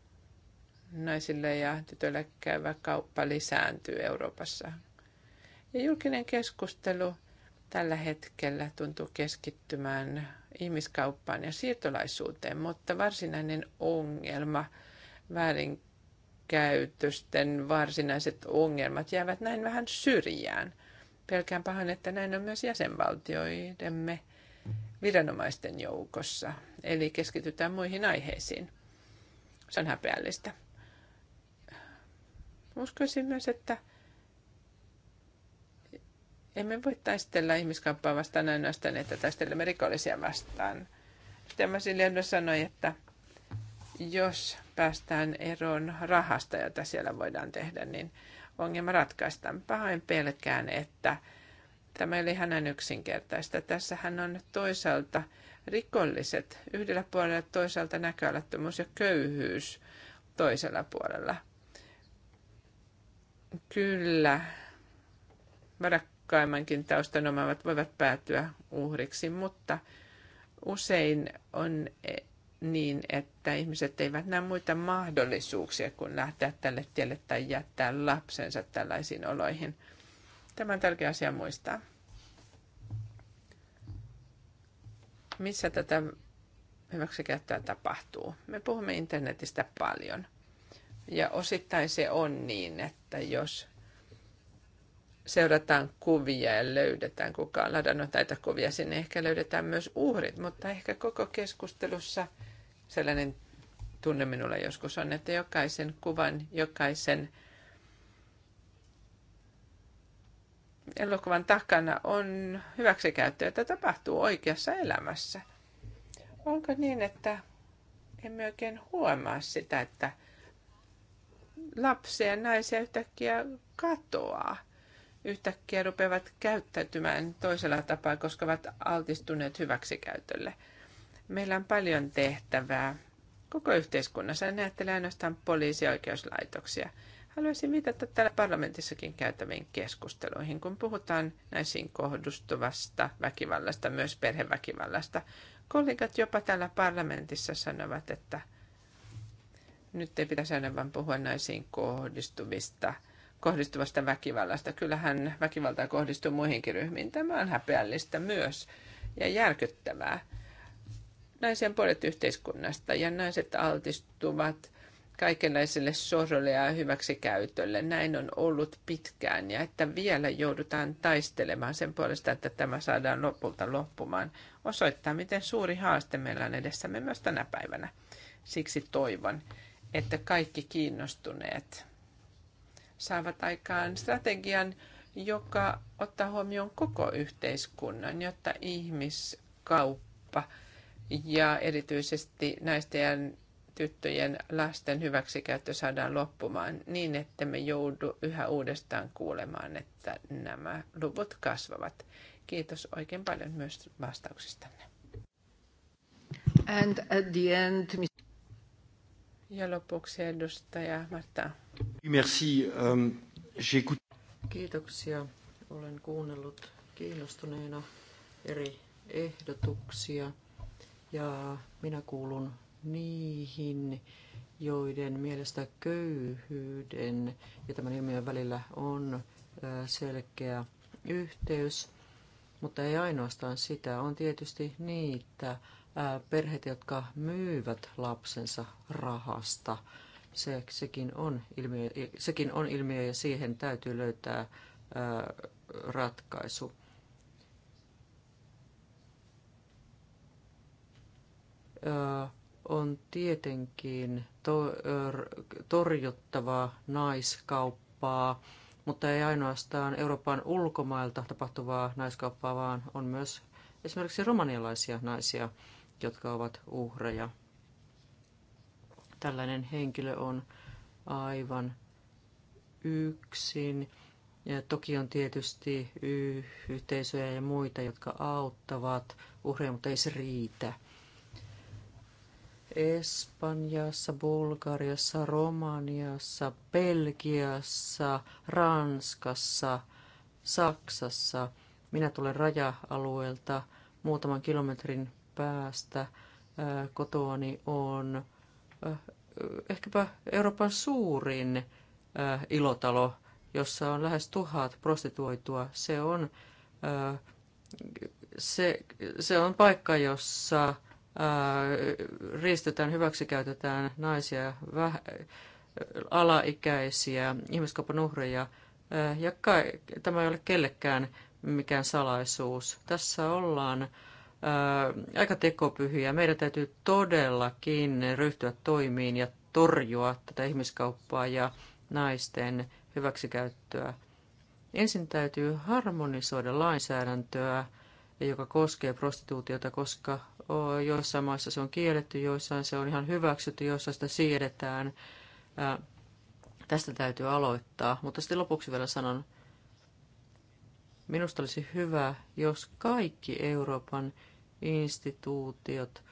naisille ja tytöille käyvä kauppa lisääntyy Euroopassa. Ja julkinen keskustelu tällä hetkellä tuntuu keskittymään ihmiskauppaan ja siirtolaisuuteen, mutta varsinainen ongelma, väärinkäytösten varsinaiset ongelmat jäävät näin vähän syrjään. Pelkään pahan, että näin on myös jäsenvaltioidemme viranomaisten joukossa, eli keskitytään muihin aiheisiin. Se on häpeällistä. Uskoisin myös, että emme voi taistella ihmiskauppaa vastaan ainoastaan, että taistelemme rikollisia vastaan. Tämä Siljanno sanoi, että jos päästään eroon rahasta, jota siellä voidaan tehdä, niin ongelma ratkaistaan. Pahoin pelkään, että tämä oli hänen yksinkertaista. Tässähän on toisaalta rikolliset yhdellä puolella, toisaalta näköalattomuus ja köyhyys toisella puolella – kyllä varakkaimmankin taustan omaavat voivat päätyä uhriksi, mutta usein on eh, niin, että ihmiset eivät näe muita mahdollisuuksia kuin lähteä tälle tielle tai jättää lapsensa tällaisiin oloihin. Tämä on tärkeä asia muistaa. Missä tätä hyväksikäyttöä tapahtuu? Me puhumme internetistä paljon – ja osittain se on niin, että jos seurataan kuvia ja löydetään, kuka on ladannut näitä kuvia, sinne ehkä löydetään myös uhrit, mutta ehkä koko keskustelussa sellainen tunne minulla joskus on, että jokaisen kuvan, jokaisen elokuvan takana on hyväksikäyttöä, että tapahtuu oikeassa elämässä. Onko niin, että emme oikein huomaa sitä, että lapsia ja naisia yhtäkkiä katoaa. Yhtäkkiä rupeavat käyttäytymään toisella tapaa, koska ovat altistuneet hyväksikäytölle. Meillä on paljon tehtävää koko yhteiskunnassa. En ajattele ainoastaan poliisi- ja oikeuslaitoksia. Haluaisin viitata täällä parlamentissakin käytäviin keskusteluihin, kun puhutaan naisiin kohdustuvasta väkivallasta, myös perheväkivallasta. Kollegat jopa täällä parlamentissa sanovat, että – nyt ei pitäisi aina vain puhua naisiin kohdistuvista, kohdistuvasta väkivallasta. Kyllähän väkivaltaa kohdistuu muihinkin ryhmiin. Tämä on häpeällistä myös ja järkyttävää. Naisen puolet yhteiskunnasta ja naiset altistuvat kaikenlaiselle sorolle ja hyväksikäytölle. Näin on ollut pitkään ja että vielä joudutaan taistelemaan sen puolesta, että tämä saadaan lopulta loppumaan, osoittaa, miten suuri haaste meillä on edessämme myös tänä päivänä. Siksi toivon, että kaikki kiinnostuneet saavat aikaan strategian, joka ottaa huomioon koko yhteiskunnan, jotta ihmiskauppa ja erityisesti naisten ja tyttöjen lasten hyväksikäyttö saadaan loppumaan niin, että me joudu yhä uudestaan kuulemaan, että nämä luvut kasvavat. Kiitos oikein paljon myös vastauksistanne. And at the end, ja lopuksi edustaja Marta. Merci. Ähm, Kiitoksia. Olen kuunnellut kiinnostuneena eri ehdotuksia ja minä kuulun niihin, joiden mielestä köyhyyden ja tämän ilmiön välillä on äh, selkeä yhteys, mutta ei ainoastaan sitä. On tietysti niitä perheet, jotka myyvät lapsensa rahasta. Se, sekin, on ilmiö, sekin on ilmiö ja siihen täytyy löytää ää, ratkaisu. Ää, on tietenkin to, ää, torjuttava naiskauppaa, mutta ei ainoastaan Euroopan ulkomailta tapahtuvaa naiskauppaa, vaan on myös esimerkiksi romanialaisia naisia, jotka ovat uhreja. Tällainen henkilö on aivan yksin. Ja toki on tietysti yhteisöjä ja muita, jotka auttavat uhreja, mutta ei se riitä. Espanjassa, Bulgariassa, Romaniassa, Belgiassa, Ranskassa, Saksassa. Minä tulen raja-alueelta muutaman kilometrin päästä kotoani on ehkäpä Euroopan suurin ilotalo, jossa on lähes tuhat prostituoitua. Se on, se, se on paikka, jossa riistetään, hyväksikäytetään naisia, väh, alaikäisiä, ihmiskaupan uhreja. Ja kai, tämä ei ole kellekään mikään salaisuus. Tässä ollaan aika tekopyhiä. Meidän täytyy todellakin ryhtyä toimiin ja torjua tätä ihmiskauppaa ja naisten hyväksikäyttöä. Ensin täytyy harmonisoida lainsäädäntöä, joka koskee prostituutiota, koska joissain maissa se on kielletty, joissain se on ihan hyväksytty, joissain sitä siedetään. Tästä täytyy aloittaa. Mutta sitten lopuksi vielä sanon, minusta olisi hyvä, jos kaikki Euroopan instituutiot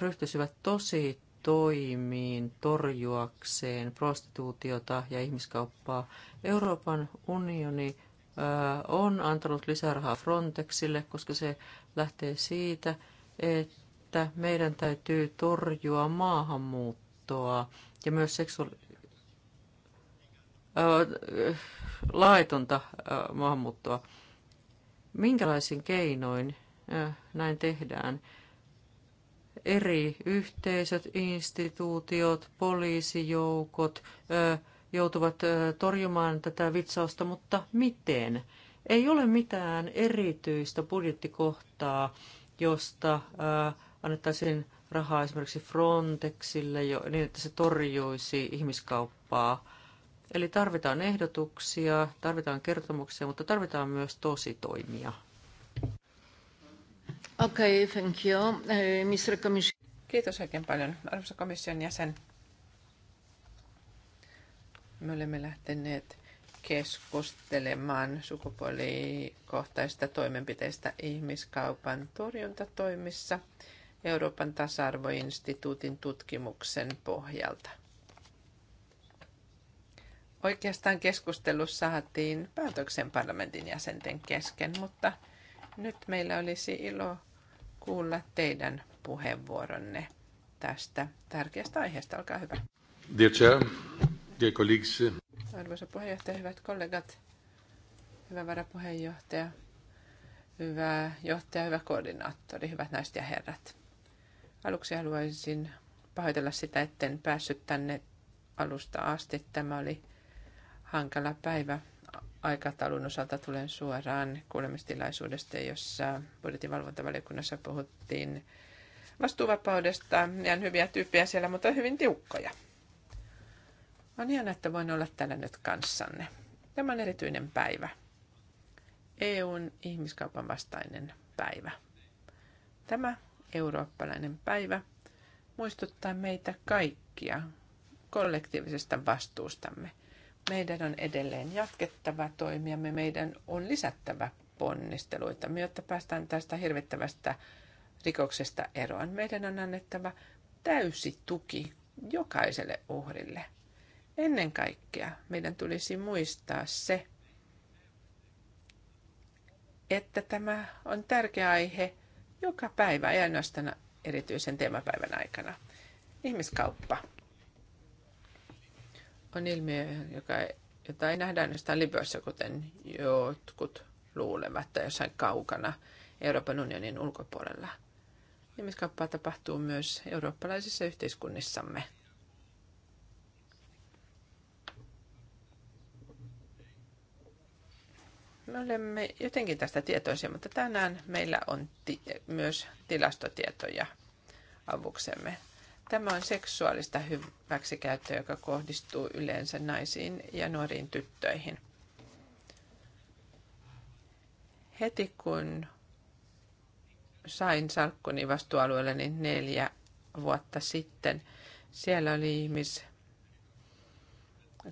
ryhtyisivät tosi toimiin torjuakseen prostituutiota ja ihmiskauppaa. Euroopan unioni on antanut lisärahaa Frontexille, koska se lähtee siitä, että meidän täytyy torjua maahanmuuttoa ja myös seksuaali- laitonta maahanmuuttoa minkälaisin keinoin näin tehdään. Eri yhteisöt, instituutiot, poliisijoukot joutuvat torjumaan tätä vitsausta, mutta miten? Ei ole mitään erityistä budjettikohtaa, josta annettaisiin rahaa esimerkiksi Frontexille niin, että se torjuisi ihmiskauppaa Eli tarvitaan ehdotuksia, tarvitaan kertomuksia, mutta tarvitaan myös tositoimia. Okei, okay, thank you. Eh, Mr. Kiitos oikein paljon, arvoisa komission jäsen. Me olemme lähteneet keskustelemaan sukupuolikohtaisista toimenpiteistä ihmiskaupan torjuntatoimissa Euroopan tasa-arvoinstituutin tutkimuksen pohjalta. Oikeastaan keskustelu saatiin päätöksen parlamentin jäsenten kesken, mutta nyt meillä olisi ilo kuulla teidän puheenvuoronne tästä tärkeästä aiheesta. Olkaa hyvä. Dear chair, dear colleagues. Arvoisa puheenjohtaja, hyvät kollegat, hyvä varapuheenjohtaja, hyvä johtaja, hyvä koordinaattori, hyvät naiset ja herrat. Aluksi haluaisin pahoitella sitä, etten päässyt tänne alusta asti. Tämä oli hankala päivä aikataulun osalta tulen suoraan kuulemistilaisuudesta, jossa budjetinvalvontavaliokunnassa puhuttiin vastuuvapaudesta. Ja hyviä tyyppejä siellä, mutta hyvin tiukkoja. On hienoa, että voin olla täällä nyt kanssanne. Tämä on erityinen päivä. EUn ihmiskaupan vastainen päivä. Tämä eurooppalainen päivä muistuttaa meitä kaikkia kollektiivisesta vastuustamme. Meidän on edelleen jatkettava me meidän on lisättävä ponnisteluita, jotta päästään tästä hirvittävästä rikoksesta eroon. Meidän on annettava täysi tuki jokaiselle uhrille. Ennen kaikkea meidän tulisi muistaa se, että tämä on tärkeä aihe joka päivä, ei ainoastaan erityisen teemapäivän aikana. Ihmiskauppa on ilmiö, joka, jota ei nähdä ainoastaan Libyassa, kuten jotkut luulevat, tai jossain kaukana Euroopan unionin ulkopuolella. Ihmiskauppaa tapahtuu myös eurooppalaisissa yhteiskunnissamme. Me olemme jotenkin tästä tietoisia, mutta tänään meillä on ti- myös tilastotietoja avuksemme. Tämä on seksuaalista hyväksikäyttöä, joka kohdistuu yleensä naisiin ja nuoriin tyttöihin. Heti kun sain salkkuni niin neljä vuotta sitten, siellä oli ihmis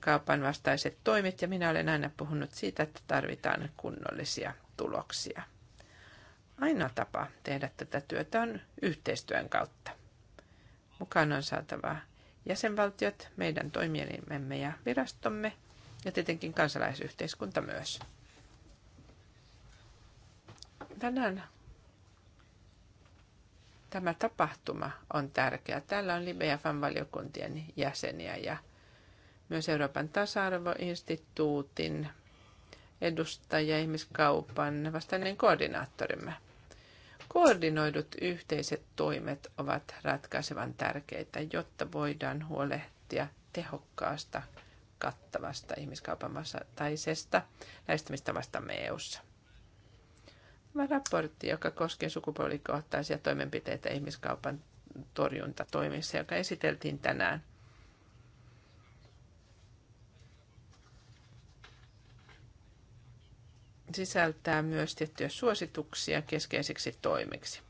kaupan vastaiset toimet ja minä olen aina puhunut siitä, että tarvitaan kunnollisia tuloksia. Ainoa tapa tehdä tätä työtä on yhteistyön kautta. Mukaan on saatava jäsenvaltiot, meidän toimielimemme ja virastomme ja tietenkin kansalaisyhteiskunta myös. Tänään tämä tapahtuma on tärkeä. Täällä on Libe- ja fan valiokuntien jäseniä ja myös Euroopan tasa-arvoinstituutin edustaja, ihmiskaupan vastainen koordinaattorimme – Koordinoidut yhteiset toimet ovat ratkaisevan tärkeitä, jotta voidaan huolehtia tehokkaasta, kattavasta ihmiskaupan vastaisesta lähestymistavastamme EU-ssa. Tämä raportti, joka koskee sukupuolikohtaisia toimenpiteitä ihmiskaupan torjuntatoimissa, joka esiteltiin tänään – sisältää myös tiettyjä suosituksia keskeisiksi toimiksi.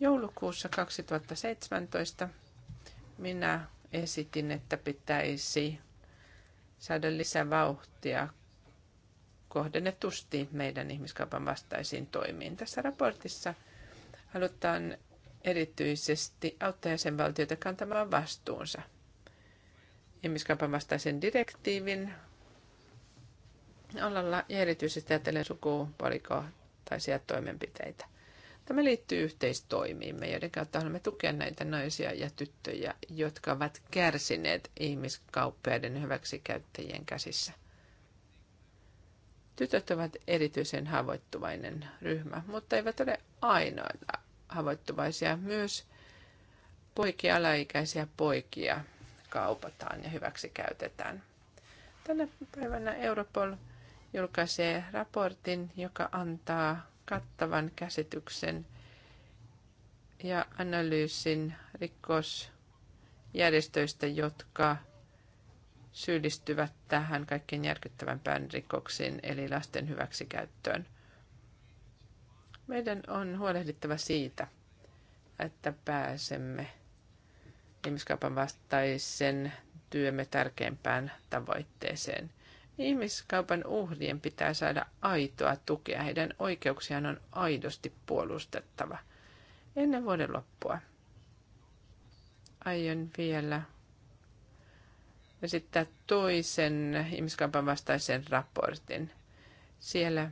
Joulukuussa 2017 minä esitin, että pitäisi saada lisävauhtia kohdennetusti meidän ihmiskaupan vastaisiin toimiin. Tässä raportissa halutaan erityisesti auttaa jäsenvaltioita kantamaan vastuunsa. Ihmiskaupan vastaisen direktiivin alalla ja erityisesti ajatellen sukupuolikohtaisia toimenpiteitä. Tämä liittyy yhteistoimiimme, joiden kautta haluamme tukea näitä naisia ja tyttöjä, jotka ovat kärsineet ihmiskauppiaiden hyväksikäyttäjien käsissä. Tytöt ovat erityisen haavoittuvainen ryhmä, mutta eivät ole ainoita haavoittuvaisia. Myös poikia, alaikäisiä poikia kaupataan ja hyväksikäytetään. Tänä päivänä Europol julkaisee raportin, joka antaa kattavan käsityksen ja analyysin rikosjärjestöistä, jotka syyllistyvät tähän kaikkein järkyttävämpään rikoksiin, eli lasten hyväksikäyttöön. Meidän on huolehdittava siitä, että pääsemme ihmiskaupan vastaisen työmme tärkeimpään tavoitteeseen. Ihmiskaupan uhrien pitää saada aitoa tukea. Heidän oikeuksiaan on aidosti puolustettava. Ennen vuoden loppua aion vielä esittää toisen ihmiskaupan vastaisen raportin. Siellä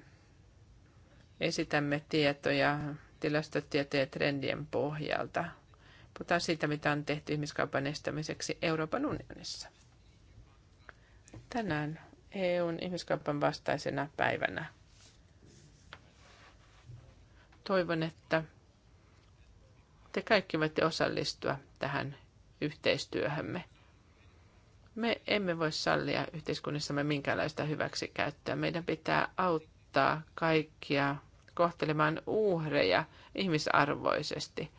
esitämme tietoja, tilastotietoja ja trendien pohjalta. Puhutaan siitä, mitä on tehty ihmiskaupan estämiseksi Euroopan unionissa. Tänään EUn ihmiskaupan vastaisena päivänä. Toivon, että te kaikki voitte osallistua tähän yhteistyöhömme. Me emme voi sallia yhteiskunnissamme minkäänlaista hyväksikäyttöä. Meidän pitää auttaa kaikkia kohtelemaan uhreja ihmisarvoisesti.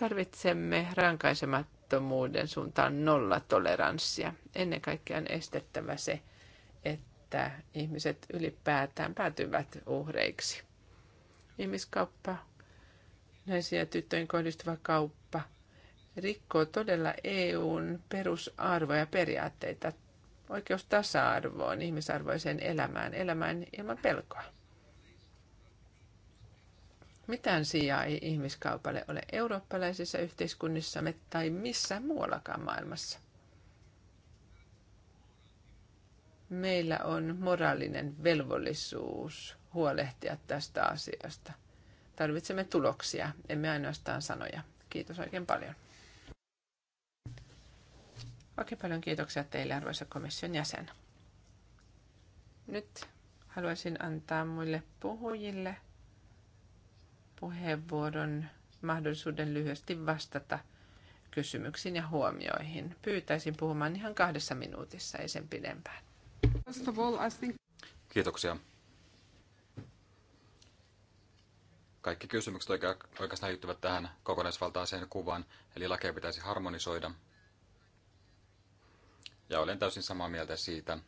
Tarvitsemme rankaisemattomuuden suuntaan nollatoleranssia. Ennen kaikkea on estettävä se, että ihmiset ylipäätään päätyvät uhreiksi. Ihmiskauppa, naisiin ja tyttöihin kohdistuva kauppa rikkoo todella EUn perusarvoja ja periaatteita. Oikeus tasa-arvoon, ihmisarvoiseen elämään, elämään ilman pelkoa. Mitään sijaa ei ihmiskaupalle ole eurooppalaisissa yhteiskunnissamme tai missään muuallakaan maailmassa. meillä on moraalinen velvollisuus huolehtia tästä asiasta. Tarvitsemme tuloksia, emme ainoastaan sanoja. Kiitos oikein paljon. Oikein paljon kiitoksia teille, arvoisa komission jäsen. Nyt haluaisin antaa muille puhujille puheenvuoron mahdollisuuden lyhyesti vastata kysymyksiin ja huomioihin. Pyytäisin puhumaan ihan kahdessa minuutissa, ei sen pidempään. Kiitoksia. Kaikki kysymykset oikeastaan liittyvät tähän kokonaisvaltaiseen kuvaan, eli lakeja pitäisi harmonisoida. Ja olen täysin samaa mieltä siitä,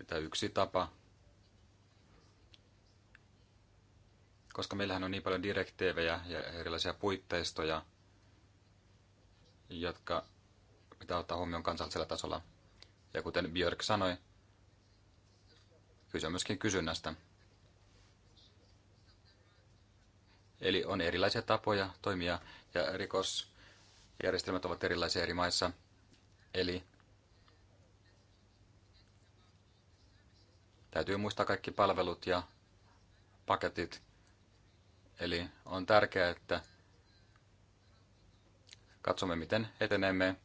että yksi tapa, koska meillähän on niin paljon direktiivejä ja erilaisia puitteistoja, jotka pitää ottaa huomioon kansallisella tasolla. Ja kuten Björk sanoi, Kyse on myöskin kysynnästä. Eli on erilaisia tapoja toimia ja rikosjärjestelmät ovat erilaisia eri maissa. Eli täytyy muistaa kaikki palvelut ja paketit. Eli on tärkeää, että katsomme miten etenemme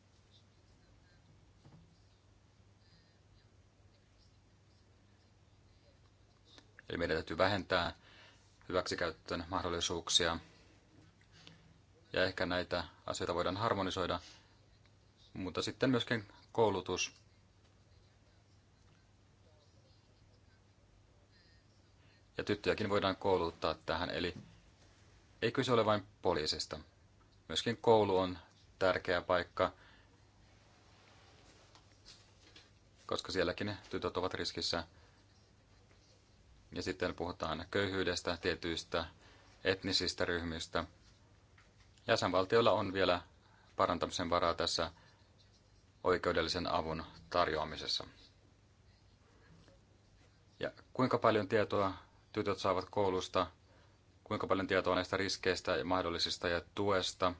Eli meidän täytyy vähentää hyväksikäyttöön mahdollisuuksia. Ja ehkä näitä asioita voidaan harmonisoida, mutta sitten myöskin koulutus. Ja tyttöjäkin voidaan kouluttaa tähän, eli ei kyse ole vain poliisista. Myöskin koulu on tärkeä paikka, koska sielläkin tytöt ovat riskissä ja sitten puhutaan köyhyydestä, tietyistä etnisistä ryhmistä. Jäsenvaltioilla on vielä parantamisen varaa tässä oikeudellisen avun tarjoamisessa. Ja kuinka paljon tietoa tytöt saavat koulusta, kuinka paljon tietoa näistä riskeistä ja mahdollisista ja tuesta.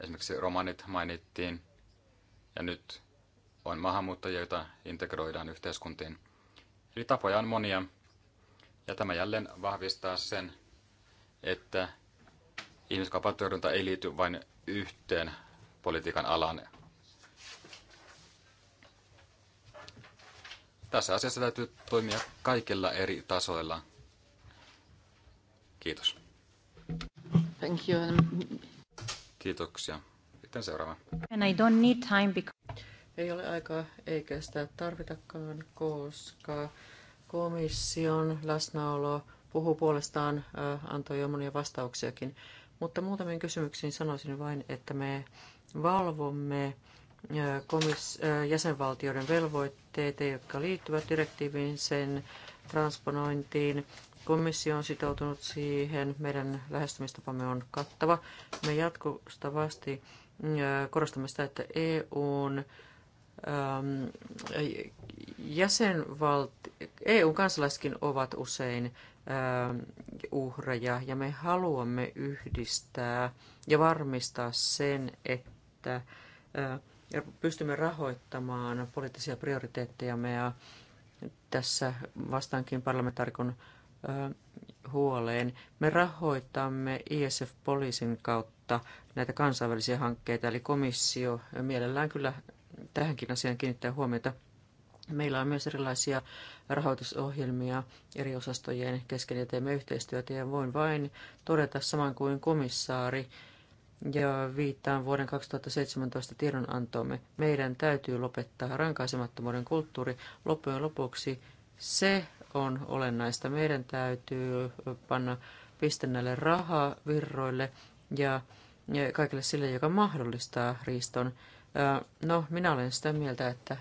Esimerkiksi romanit mainittiin. Ja nyt on maahanmuuttajia, joita integroidaan yhteiskuntiin. Eli tapoja on monia, ja tämä jälleen vahvistaa sen, että ihmiskaupan torjunta ei liity vain yhteen politiikan alaan. Tässä asiassa täytyy toimia kaikilla eri tasoilla. Kiitos. Thank you. Kiitoksia. Sitten seuraava. And I don't need time because ei ole aikaa eikä sitä tarvitakaan, koska komission läsnäolo puhuu puolestaan, antoi jo monia vastauksiakin. Mutta muutamiin kysymyksiin sanoisin vain, että me valvomme komis- jäsenvaltioiden velvoitteita, jotka liittyvät direktiiviin, sen transponointiin. Komissio on sitoutunut siihen, meidän lähestymistapamme on kattava. Me jatkuvasti korostamme sitä, että EUn Ähm, jäsenvalti- EU-kansalaisetkin ovat usein ähm, uhreja ja me haluamme yhdistää ja varmistaa sen, että äh, pystymme rahoittamaan poliittisia prioriteettejamme ja tässä vastaankin parlamentaarikon äh, huoleen. Me rahoitamme ISF-poliisin kautta näitä kansainvälisiä hankkeita, eli komissio mielellään kyllä tähänkin asiaan kiinnittää huomiota. Meillä on myös erilaisia rahoitusohjelmia eri osastojen kesken ja teemme yhteistyötä ja voin vain todeta saman kuin komissaari ja viittaan vuoden 2017 tiedonantoomme. Meidän täytyy lopettaa rankaisemattomuuden kulttuuri. Loppujen lopuksi se on olennaista. Meidän täytyy panna piste näille rahavirroille ja kaikille sille, joka mahdollistaa riiston. No, minä olen sitä mieltä, että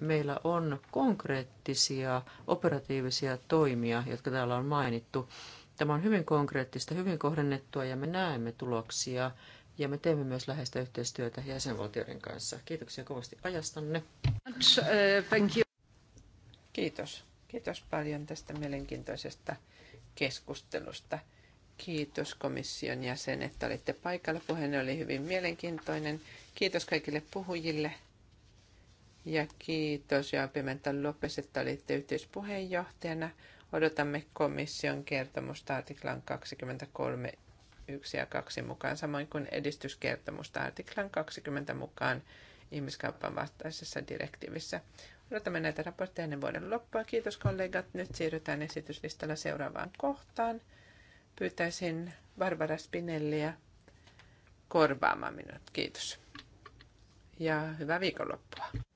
meillä on konkreettisia operatiivisia toimia, jotka täällä on mainittu. Tämä on hyvin konkreettista, hyvin kohdennettua ja me näemme tuloksia ja me teemme myös läheistä yhteistyötä jäsenvaltioiden kanssa. Kiitoksia kovasti ajastanne. Kiitos. Kiitos paljon tästä mielenkiintoisesta keskustelusta. Kiitos komission jäsen, että olitte paikalla. Puheenne oli hyvin mielenkiintoinen. Kiitos kaikille puhujille. Ja kiitos ja Pimentan Lopes, että olitte yhteispuheenjohtajana. Odotamme komission kertomusta artiklan 23 1 ja 2 mukaan, samoin kuin edistyskertomusta artiklan 20 mukaan ihmiskaupan vastaisessa direktiivissä. Odotamme näitä raportteja ennen vuoden loppua. Kiitos kollegat. Nyt siirrytään esityslistalla seuraavaan kohtaan. Pyytäisin Barbara Spinelliä korvaamaan minut. Kiitos ja hyvää viikonloppua.